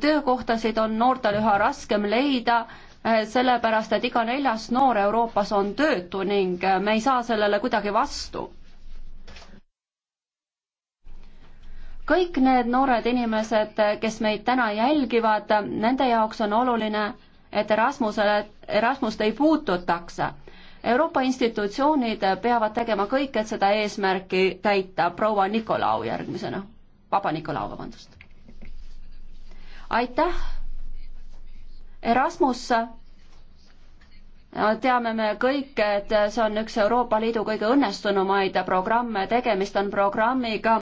töökohtasid on noortel üha raskem leida, äh, sellepärast et iga neljas noor Euroopas on töötu ning äh, me ei saa sellele kuidagi vastu kõik need noored inimesed, kes meid täna jälgivad, nende jaoks on oluline et Erasmusele, Erasmust ei puututaks. Euroopa institutsioonid peavad tegema kõik, et seda eesmärki täita. proua Nikolau järgmisena, Papa Nikolau, vabandust. aitäh. Erasmus teame me kõik, et see on üks Euroopa Liidu kõige õnnestunumaid programme, tegemist on programmiga,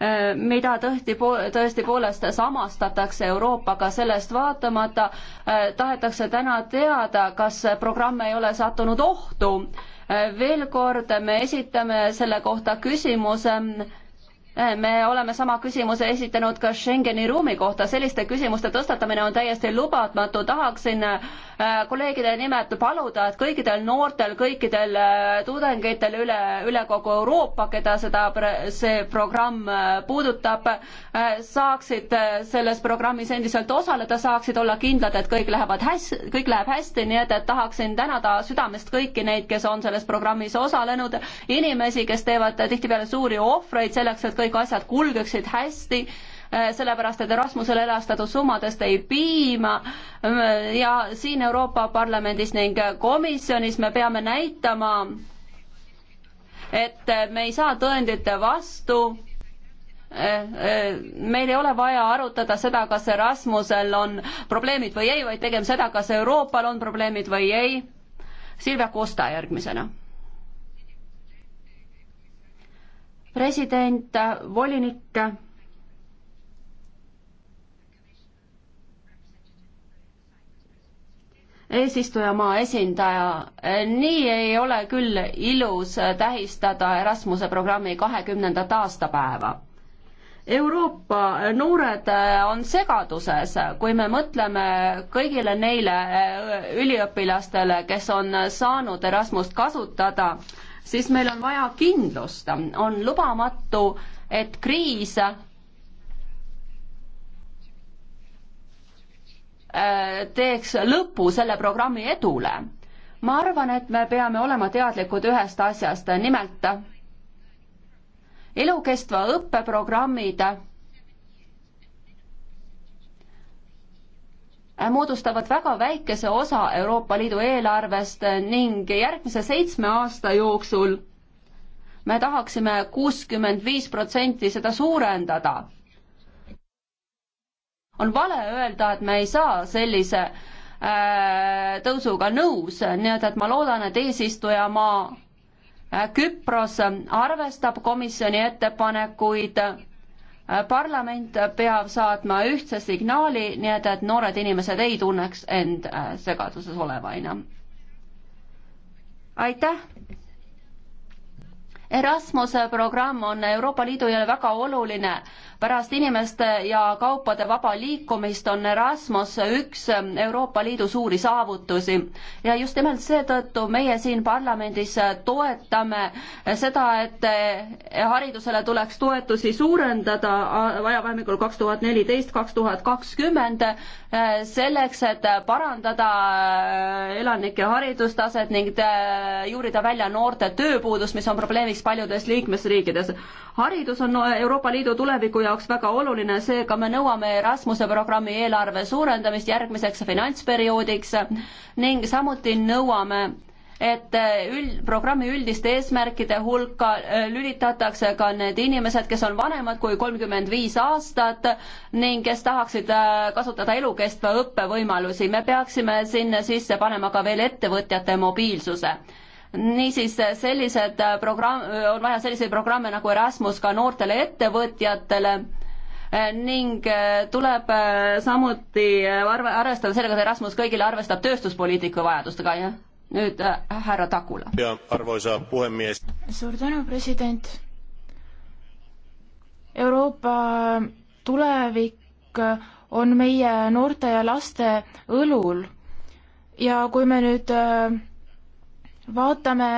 Äh, mida tõhti, tõesti poolest samastatakse Euroopaga, sellest vaatamata äh, tahetakse täna teada, kas programm ei ole sattunud ohtu. Äh, veel kord me esitame selle kohta küsimuse Eh, me oleme sama küsimuse esitanud ka Schengeni ruumi kohta, selliste küsimuste tõstatamine on täiesti lubatmatu, tahaksin eh, kolleegide nimelt paluda, et kõikidel noortel, kõikidel eh, tudengitel üle, üle kogu Euroopa, keda seda, see programm puudutab, saaksid selles programmis endiselt osaleda, saaksid olla kindlad, et kõik lähevad hästi, kõik läheb hästi, nii et, et tahaksin tänada südamest kõiki neid, kes on selles programmis osalenud, inimesi, kes teevad tihtipeale suuri ohvreid selleks, et kõik kõik asjad kulgeksid hästi, äh, sellepärast et Erasmusele erastatud summadest ei piima ja siin Euroopa Parlamendis ning komisjonis me peame näitama, et me ei saa tõendite vastu äh, äh, meil ei ole vaja arutada seda, kas Erasmusel on probleemid või ei, vaid tegema seda, kas Euroopal on probleemid või ei. Silvia Kosta järgmisena president, volinik. eesistujamaa esindaja, nii ei ole küll ilus tähistada Erasmuse programmi kahekümnendat aastapäeva. Euroopa noored on segaduses, kui me mõtleme kõigile neile üliõpilastele, kes on saanud Erasmust kasutada siis meil on vaja kindlust. on lubamatu, et kriis äh, teeks lõpu selle programmi edule. ma arvan, et me peame olema teadlikud ühest asjast, nimelt elukestva õppe programmid moodustavad väga väikese osa Euroopa Liidu eelarvest ning järgmise seitsme aasta jooksul me tahaksime kuuskümmend viis protsenti seda suurendada. on vale öelda, et me ei saa sellise äh, tõusuga nõus, nii et, et ma loodan, et eesistujamaa äh, Küpros arvestab komisjoni ettepanekuid parlament peab saatma ühtse signaali, nii et, et noored inimesed ei tunneks end äh, segaduses olevaina. aitäh! Erasmuse programm on Euroopa Liidule väga oluline pärast inimeste ja kaupade vaba liikumist on Erasmus üks Euroopa Liidu suuri saavutusi ja just nimelt seetõttu meie siin parlamendis toetame seda, et haridusele tuleks toetusi suurendada ajavahemikul kaks tuhat neliteist, kaks tuhat kakskümmend, selleks, et parandada elanike haridustaset ning juurida välja noorte tööpuudust, mis on probleemiks paljudes liikmesriikides. haridus on Euroopa Liidu tuleviku ja jaoks väga oluline, seega me nõuame Erasmuse programmi eelarve suurendamist järgmiseks finantsperioodiks ning samuti nõuame et üld, programmi üldiste eesmärkide hulka äh, lülitatakse ka need inimesed, kes on vanemad kui kolmkümmend viis aastat ning kes tahaksid äh, kasutada elukestva õppe võimalusi. me peaksime sinna sisse panema ka veel ettevõtjate mobiilsuse niisiis sellised äh, programm, äh, on vaja selliseid programme nagu Erasmus ka noortele ettevõtjatele äh, ning tuleb samuti arve, arvestada sellega, et Erasmus kõigile arvestab tööstuspoliitika vajadustega, jah. nüüd härra Takula. ja arvoisa puhemees. suur tänu, president. Euroopa tulevik on meie noorte ja laste õlul ja kui me nüüd äh, vaatame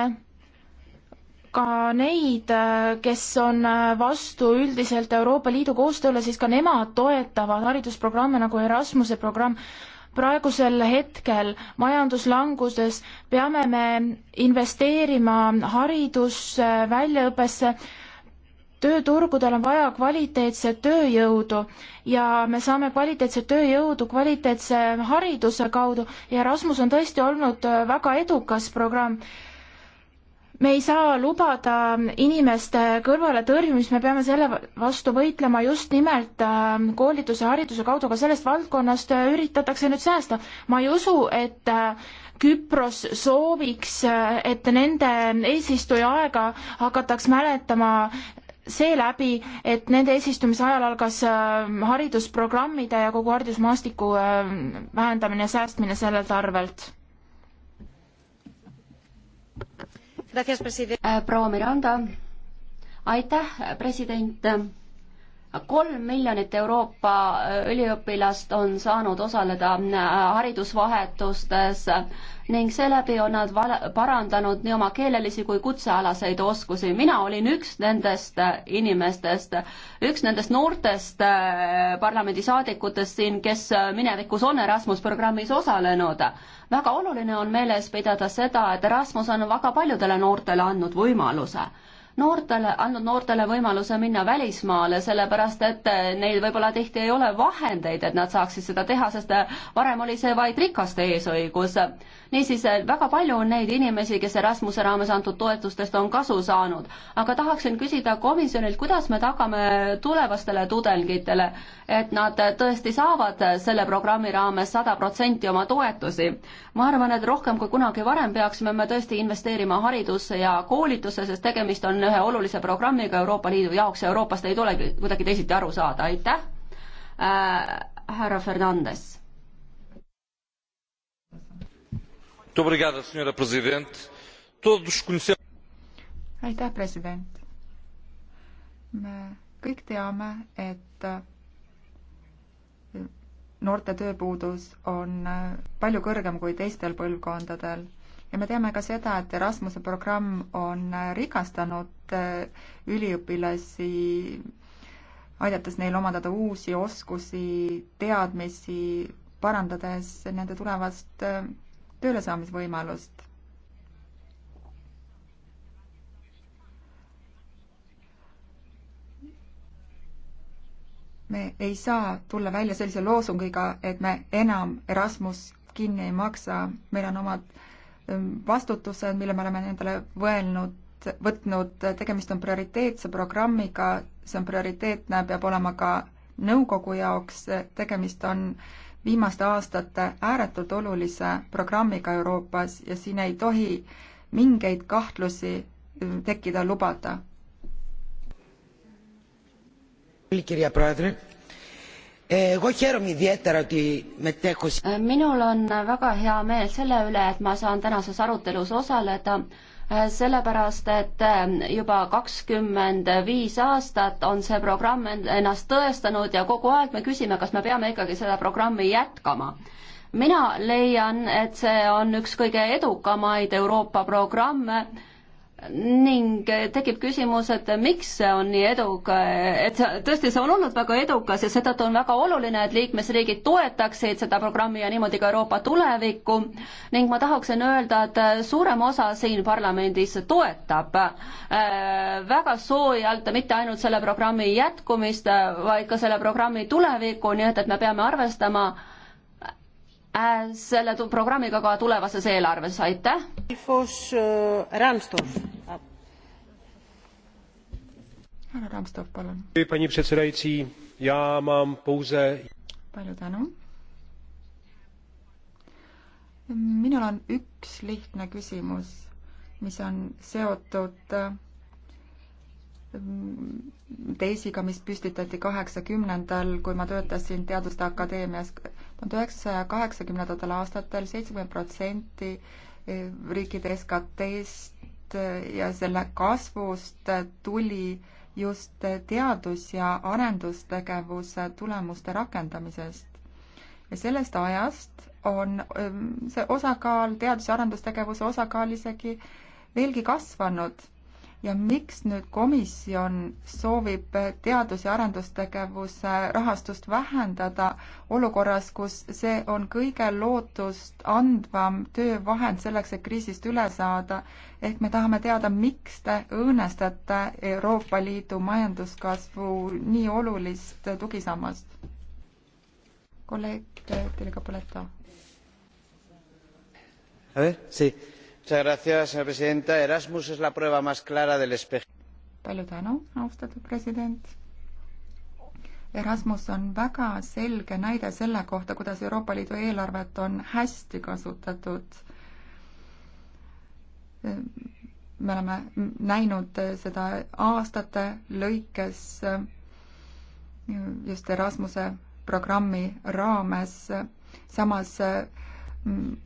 ka neid, kes on vastu üldiselt Euroopa Liidu koostööle, siis ka nemad toetavad haridusprogramme nagu Erasmuse programm. praegusel hetkel majanduslanguses peame me investeerima haridusse, väljaõppesse tööturgudel on vaja kvaliteetset tööjõudu ja me saame kvaliteetset tööjõudu kvaliteetse hariduse kaudu ja Rasmus on tõesti olnud äh, väga edukas programm. me ei saa lubada inimeste kõrvaletõrjumist, me peame selle vastu võitlema just nimelt äh, koolituse, hariduse kaudu, aga sellest valdkonnast äh, üritatakse nüüd säästa. ma ei usu, et Küpros sooviks, et nende eesistuja aega hakataks mäletama seeläbi, et nende eesistumise ajal algas äh, haridusprogrammide ja kogu haridusmaastiku äh, vähendamine ja säästmine sellelt arvelt. Äh, proua Miranda, aitäh, president kolm miljonit Euroopa äh, üliõpilast on saanud osaleda äh, haridusvahetustes ning seeläbi on nad parandanud nii oma keelelisi kui kutsealaseid oskusi. mina olin üks nendest äh, inimestest, üks nendest noortest parlamendisaadikutest siin, kes minevikus on Erasmus programmis osalenud. väga oluline on meeles pidada seda, et Erasmus on väga paljudele noortele andnud võimaluse noortele, andnud noortele võimaluse minna välismaale, sellepärast et eh, neil võib-olla tihti ei ole vahendeid, et nad saaksid seda teha, sest eh, varem oli see vaid rikaste eesõigus. niisiis, eh, väga palju on neid inimesi, kes Erasmuse raames antud toetustest on kasu saanud, aga tahaksin küsida komisjonilt, kuidas me tagame tulevastele tudengitele, et nad tõesti saavad selle programmi raames sada protsenti oma toetusi. ma arvan, et rohkem kui kunagi varem peaksime me tõesti investeerima haridusse ja koolitusse, sest tegemist on on ühe olulise programmiga Euroopa Liidu jaoks ja Euroopast ei tulegi kuidagi teisiti aru saada, aitäh äh,, härra Fernandes. aitäh, president. me kõik teame, et äh, noorte tööpuudus on äh, palju kõrgem kui teistel põlvkondadel ja me teame ka seda, et Erasmuse programm on rikastanud äh, üliõpilasi, aidates neil omandada uusi oskusi, teadmisi, parandades nende tulevast äh, töölesaamisvõimalust. me ei saa tulla välja sellise loosungiga, et me enam Erasmus kinni ei maksa, meil on omad vastutused, mille me oleme endale võelnud, võtnud, tegemist on prioriteetse programmiga, see on prioriteetne, peab olema ka nõukogu jaoks, tegemist on viimaste aastate ääretult olulise programmiga Euroopas ja siin ei tohi mingeid kahtlusi äh, tekkida lubada minul on väga hea meel selle üle, et ma saan tänases arutelus osaleda, sellepärast et juba kakskümmend viis aastat on see programm ennast tõestanud ja kogu aeg me küsime, kas me peame ikkagi seda programmi jätkama mina leian, et see on üks kõige edukamaid Euroopa programme ning eh, tekib küsimus, et miks see on nii eduka, et tõesti, see on olnud väga edukas ja seetõttu on väga oluline, et liikmesriigid toetaksid seda programmi ja niimoodi ka Euroopa tulevikku ning ma tahaksin öelda, et eh, suurem osa siin parlamendis toetab eh, väga soojalt mitte ainult selle programmi jätkumist, vaid ka selle programmi tulevikku, nii et, et me peame arvestama Äh, selle programmiga ka tulevases eelarves, aitäh. Äh, härra Ramstov, palun. palju tänu. minul on üks lihtne küsimus, mis on seotud mm, teisiga, mis püstitati kaheksakümnendal, kui ma töötasin Teaduste Akadeemias tuhande üheksasaja kaheksakümnendatel aastatel seitsekümmend protsenti eh, riikide SKT-st eh, ja selle kasvust eh, tuli just teadus- ja arendustegevuse tulemuste rakendamisest. ja sellest ajast on see osakaal, teadus- ja arendustegevuse osakaal isegi veelgi kasvanud ja miks nüüd komisjon soovib teadus- ja arendustegevuse rahastust vähendada olukorras, kus see on kõige lootust andvam töövahend selleks, et kriisist üle saada? ehk me tahame teada, miks te õõnestate Euroopa Liidu majanduskasvu nii olulist tugisammast? kolleeg Telega Poleta señora presidenta erasmus es la prueba más clara del palju tänu, austatud president. Erasmus on väga selge näide selle kohta, kuidas Euroopa Liidu eelarvet on hästi kasutatud. me oleme näinud seda aastate lõikes just Erasmuse programmi raames. samas mm,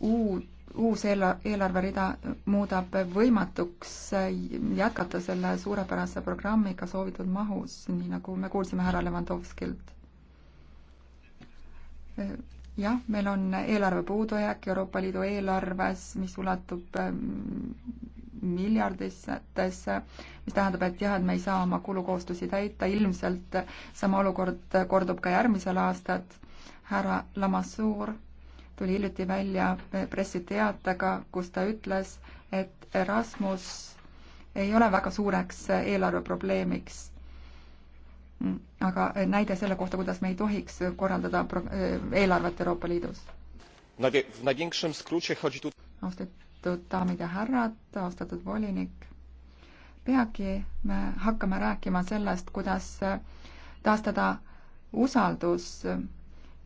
uut uus eela-, eelarverida muudab võimatuks jätkata selle suurepärase programmiga soovitud mahus, nii nagu me kuulsime härra Levandovskilt. jah, meil on eelarve puudujääk Euroopa Liidu eelarves, mis ulatub ehm, miljarditesse, mis tähendab, et jah, et me ei saa oma kulukohustusi täita, ilmselt sama olukord kordub ka järgmisel aastal. härra Lamassoor tuli hiljuti välja pressiteatega, kus ta ütles, et Erasmus ei ole väga suureks eelarveprobleemiks. aga näide selle kohta, kuidas me ei tohiks korraldada eelarvet Euroopa Liidus. austatud daamid ja härrad, austatud volinik, peagi me hakkame rääkima sellest, kuidas taastada usaldus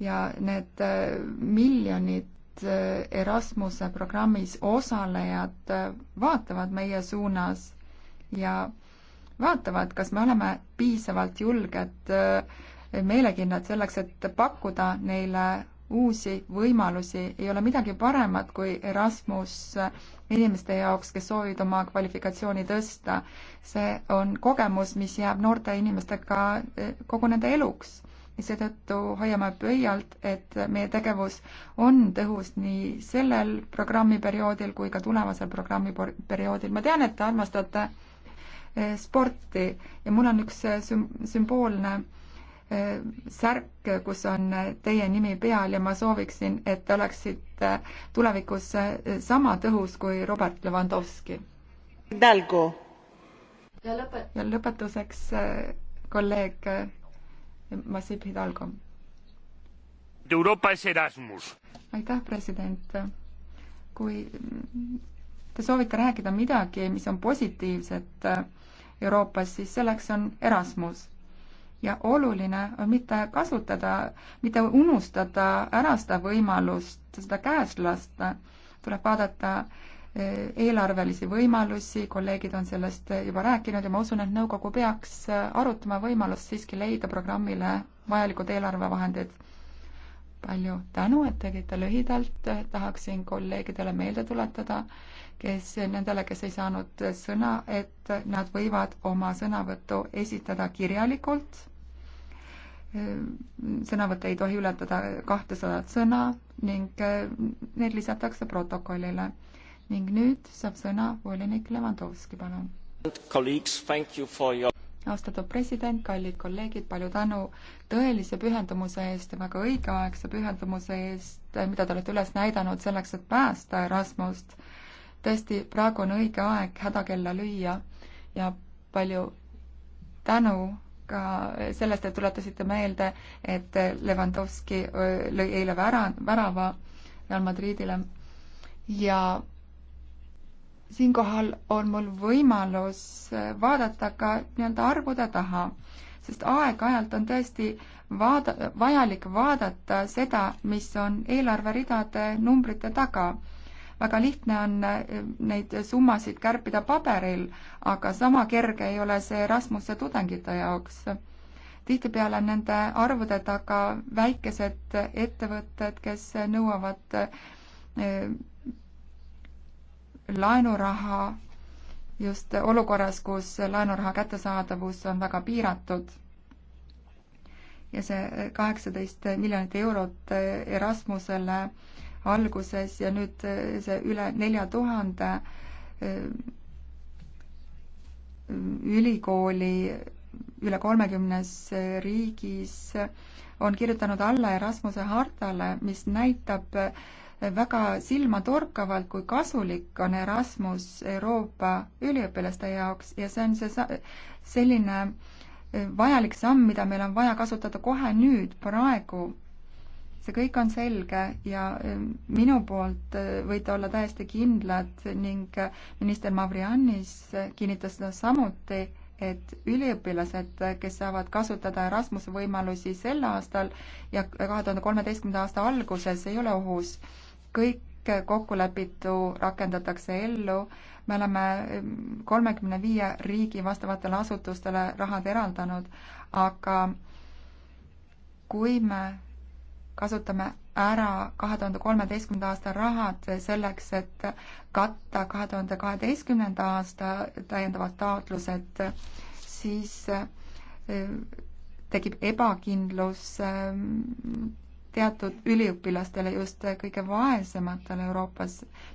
ja need äh, miljonid äh, Erasmuse programmis osalejad äh, vaatavad meie suunas ja vaatavad, kas me oleme piisavalt julged, meelekindlad selleks, et pakkuda neile uusi võimalusi, ei ole midagi paremat kui Erasmus inimeste jaoks, kes soovivad oma kvalifikatsiooni tõsta. see on kogemus, mis jääb noorte inimestega kogu nende eluks seetõttu hoiame pöialt, et meie tegevus on tõhus nii sellel programmiperioodil kui ka tulevasel programmiperioodil. ma tean, et te armastate eh, sporti ja mul on üks eh, sümboolne eh, särk, kus on teie nimi peal ja ma sooviksin, et te oleksite tulevikus sama tõhus kui Robert Lewandowski. ja lõpetuseks kolleeg Massib Hidalgo. Euroopa es Erasmus. aitäh, president. kui te soovite rääkida midagi, mis on positiivset Euroopas, siis selleks on Erasmus. ja oluline on mitte kasutada, mitte unustada ära seda võimalust, seda käest lasta, tuleb vaadata eelarvelisi võimalusi, kolleegid on sellest juba rääkinud ja ma usun, et nõukogu peaks arutama võimalust siiski leida programmile vajalikud eelarvevahendid. palju tänu, et tegite lühidalt, tahaksin kolleegidele meelde tuletada, kes, nendele, kes ei saanud sõna, et nad võivad oma sõnavõttu esitada kirjalikult. sõnavõtt ei tohi ületada kahtesadat sõna ning need lisatakse protokollile ning nüüd saab sõna volinik Levandovski, palun. austatud president, kallid kolleegid, palju tänu tõelise pühendumuse eest ja väga õigeaegse pühendumuse eest, mida te olete üles näidanud selleks, et päästa Erasmust. tõesti, praegu on õige aeg hädakella lüüa ja palju tänu ka sellest, et tuletasite meelde, et Levandovski lõi eile vära, värava Real Madridile ja siinkohal on mul võimalus äh, vaadata ka nii-öelda arvude taha, sest aeg-ajalt on tõesti vaada, vajalik vaadata seda, mis on eelarveridade numbrite taga. väga lihtne on äh, neid summasid kärpida paberil, aga sama kerge ei ole see Rasmuse tudengite jaoks. tihtipeale on nende arvude taga väikesed ettevõtted, kes nõuavad äh, laenuraha just olukorras, kus laenuraha kättesaadavus on väga piiratud. ja see kaheksateist miljonit eurot Erasmusele alguses ja nüüd see üle nelja tuhande äh, ülikooli üle kolmekümnes riigis on kirjutanud alla Erasmuse hartale, mis näitab väga silmatorkavalt, kui kasulik on Erasmus Euroopa üliõpilaste jaoks ja see on see selline eh, vajalik samm, mida meil on vaja kasutada kohe nüüd, praegu. see kõik on selge ja eh, minu poolt eh, võite olla täiesti kindlad ning minister Mavrianis kinnitas seda samuti et üliõpilased, kes saavad kasutada Erasmuse võimalusi sel aastal ja kahe tuhande kolmeteistkümnenda aasta alguses, ei ole ohus kõik kokkulepitu rakendatakse ellu. me oleme ehm, kolmekümne viie riigi vastavatele asutustele rahad eraldanud, aga kui me kasutame ära kahe tuhande kolmeteistkümnenda aasta rahad selleks, et katta kahe tuhande kaheteistkümnenda aasta täiendavad taotlused, siis ehm, tekib ebakindlus ehm, teatud üliõpilastele, just kõige vaesematele Euroopas,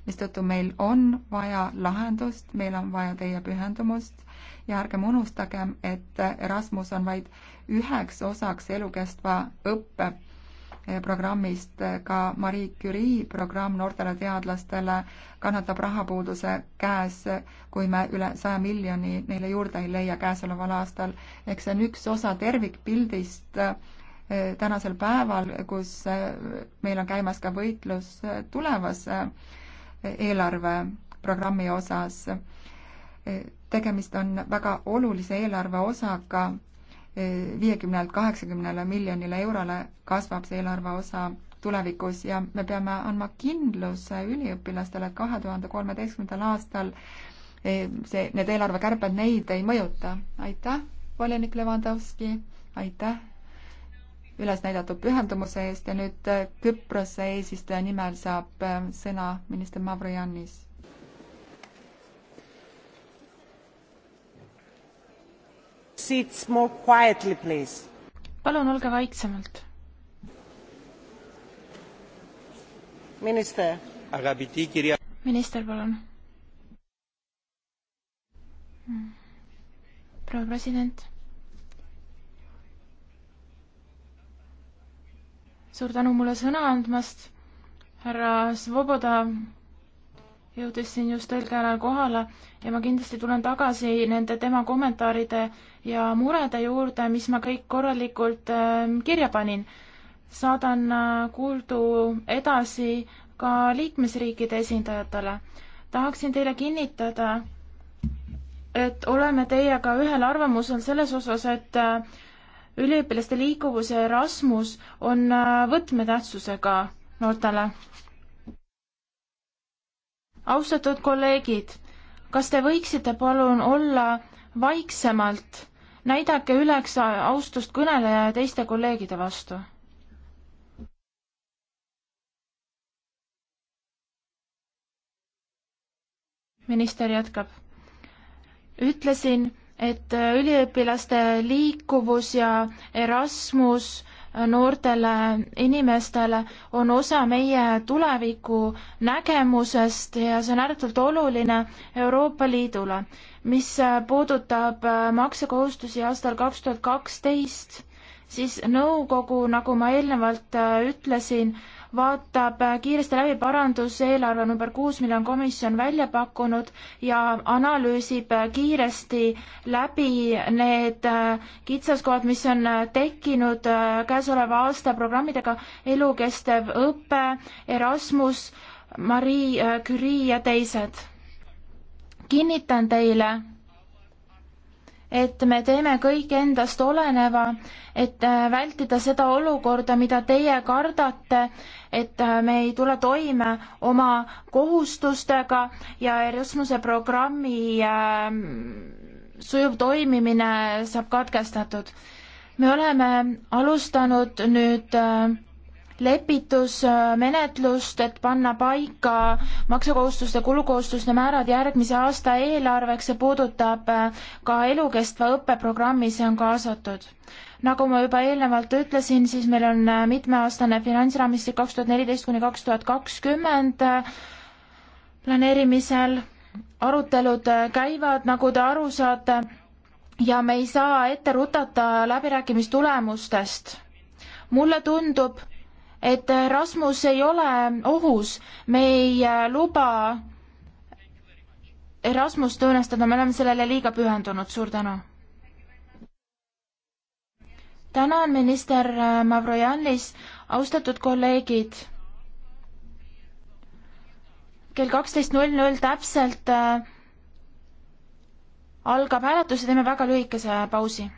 mistõttu meil on vaja lahendust, meil on vaja teie pühendumust ja ärgem unustagem, et Erasmus on vaid üheks osaks elukestva õppe eh, programmist, ka Marie Curie programm noortele teadlastele kannatab rahapuuduse käes, kui me üle saja miljoni neile juurde ei leia käesoleval aastal. eks see on üks osa tervikpildist, tänasel päeval, kus äh, meil on käimas ka võitlus äh, tulevase äh, eelarveprogrammi osas. tegemist on väga olulise eelarve osaga, viiekümnelt kaheksakümnele miljonile eurole kasvab see eelarve osa tulevikus ja me peame andma kindluse üliõpilastele, et kahe tuhande kolmeteistkümnendal aastal see, need eelarvekärbed neid ei mõjuta. aitäh, volinik Levandovski, aitäh üles näidatud pühendumuse eest ja nüüd äh, Küprose eesistuja nimel saab äh, sõna minister Mavrojannis. palun olge vaiksemalt. minister. minister, palun. proua president suur tänu mulle sõna andmast. härra Svoboda jõudis siin just õigel ajal kohale ja ma kindlasti tulen tagasi nende tema kommentaaride ja murede juurde, mis ma kõik korralikult ähm, kirja panin. saadan äh, kuuldu edasi ka liikmesriikide esindajatele. tahaksin teile kinnitada, et oleme teiega ühel arvamusel selles osas, et äh, üliõpilaste liikuvus ja Erasmus on äh, võtmetähtsusega noortele. austatud kolleegid, kas te võiksite palun olla vaiksemalt, näidake üleks austust kõneleja ja teiste kolleegide vastu. minister jätkab. ütlesin et äh, üliõpilaste liikuvus ja Erasmus äh, noortele inimestele on osa meie tuleviku nägemusest ja see on ääretult oluline Euroopa Liidule. mis äh, puudutab maksekohustusi aastal kaks tuhat kaksteist, siis nõukogu, nagu ma eelnevalt ütlesin, vaatab kiiresti läbi paranduseelarve number kuus, mille on komisjon välja pakkunud ja analüüsib kiiresti läbi need kitsaskohad, mis on tekkinud käesoleva aasta programmidega elukestev õpe, Erasmus, Marie Curie ja teised. kinnitan teile et me teeme kõik endast oleneva, et äh, vältida seda olukorda, mida teie kardate, et äh, me ei tule toime oma kohustustega ja Erasmuse programmi äh, sujuv toimimine saab katkestatud. me oleme alustanud nüüd äh, lepitusmenetlust, et panna paika maksukohustuste, kulukohustuste määrad järgmise aasta eelarveks, see puudutab äh, ka elukestva õppeprogrammi, see on kaasatud. nagu ma juba eelnevalt ütlesin, siis meil on äh, mitmeaastane finantsraamistik kaks tuhat neliteist kuni kaks tuhat kakskümmend äh, planeerimisel, arutelud käivad, nagu te aru saate, ja me ei saa ette rutata läbirääkimistulemustest mulle tundub, et Rasmus ei ole ohus, me ei äh, luba Rasmust õõnestada, me oleme sellele liiga pühendunud, suur tänu. tänan, minister äh, Mavrojannis, austatud kolleegid. kell kaksteist null null täpselt äh, algab hääletus ja teeme väga lühikese pausi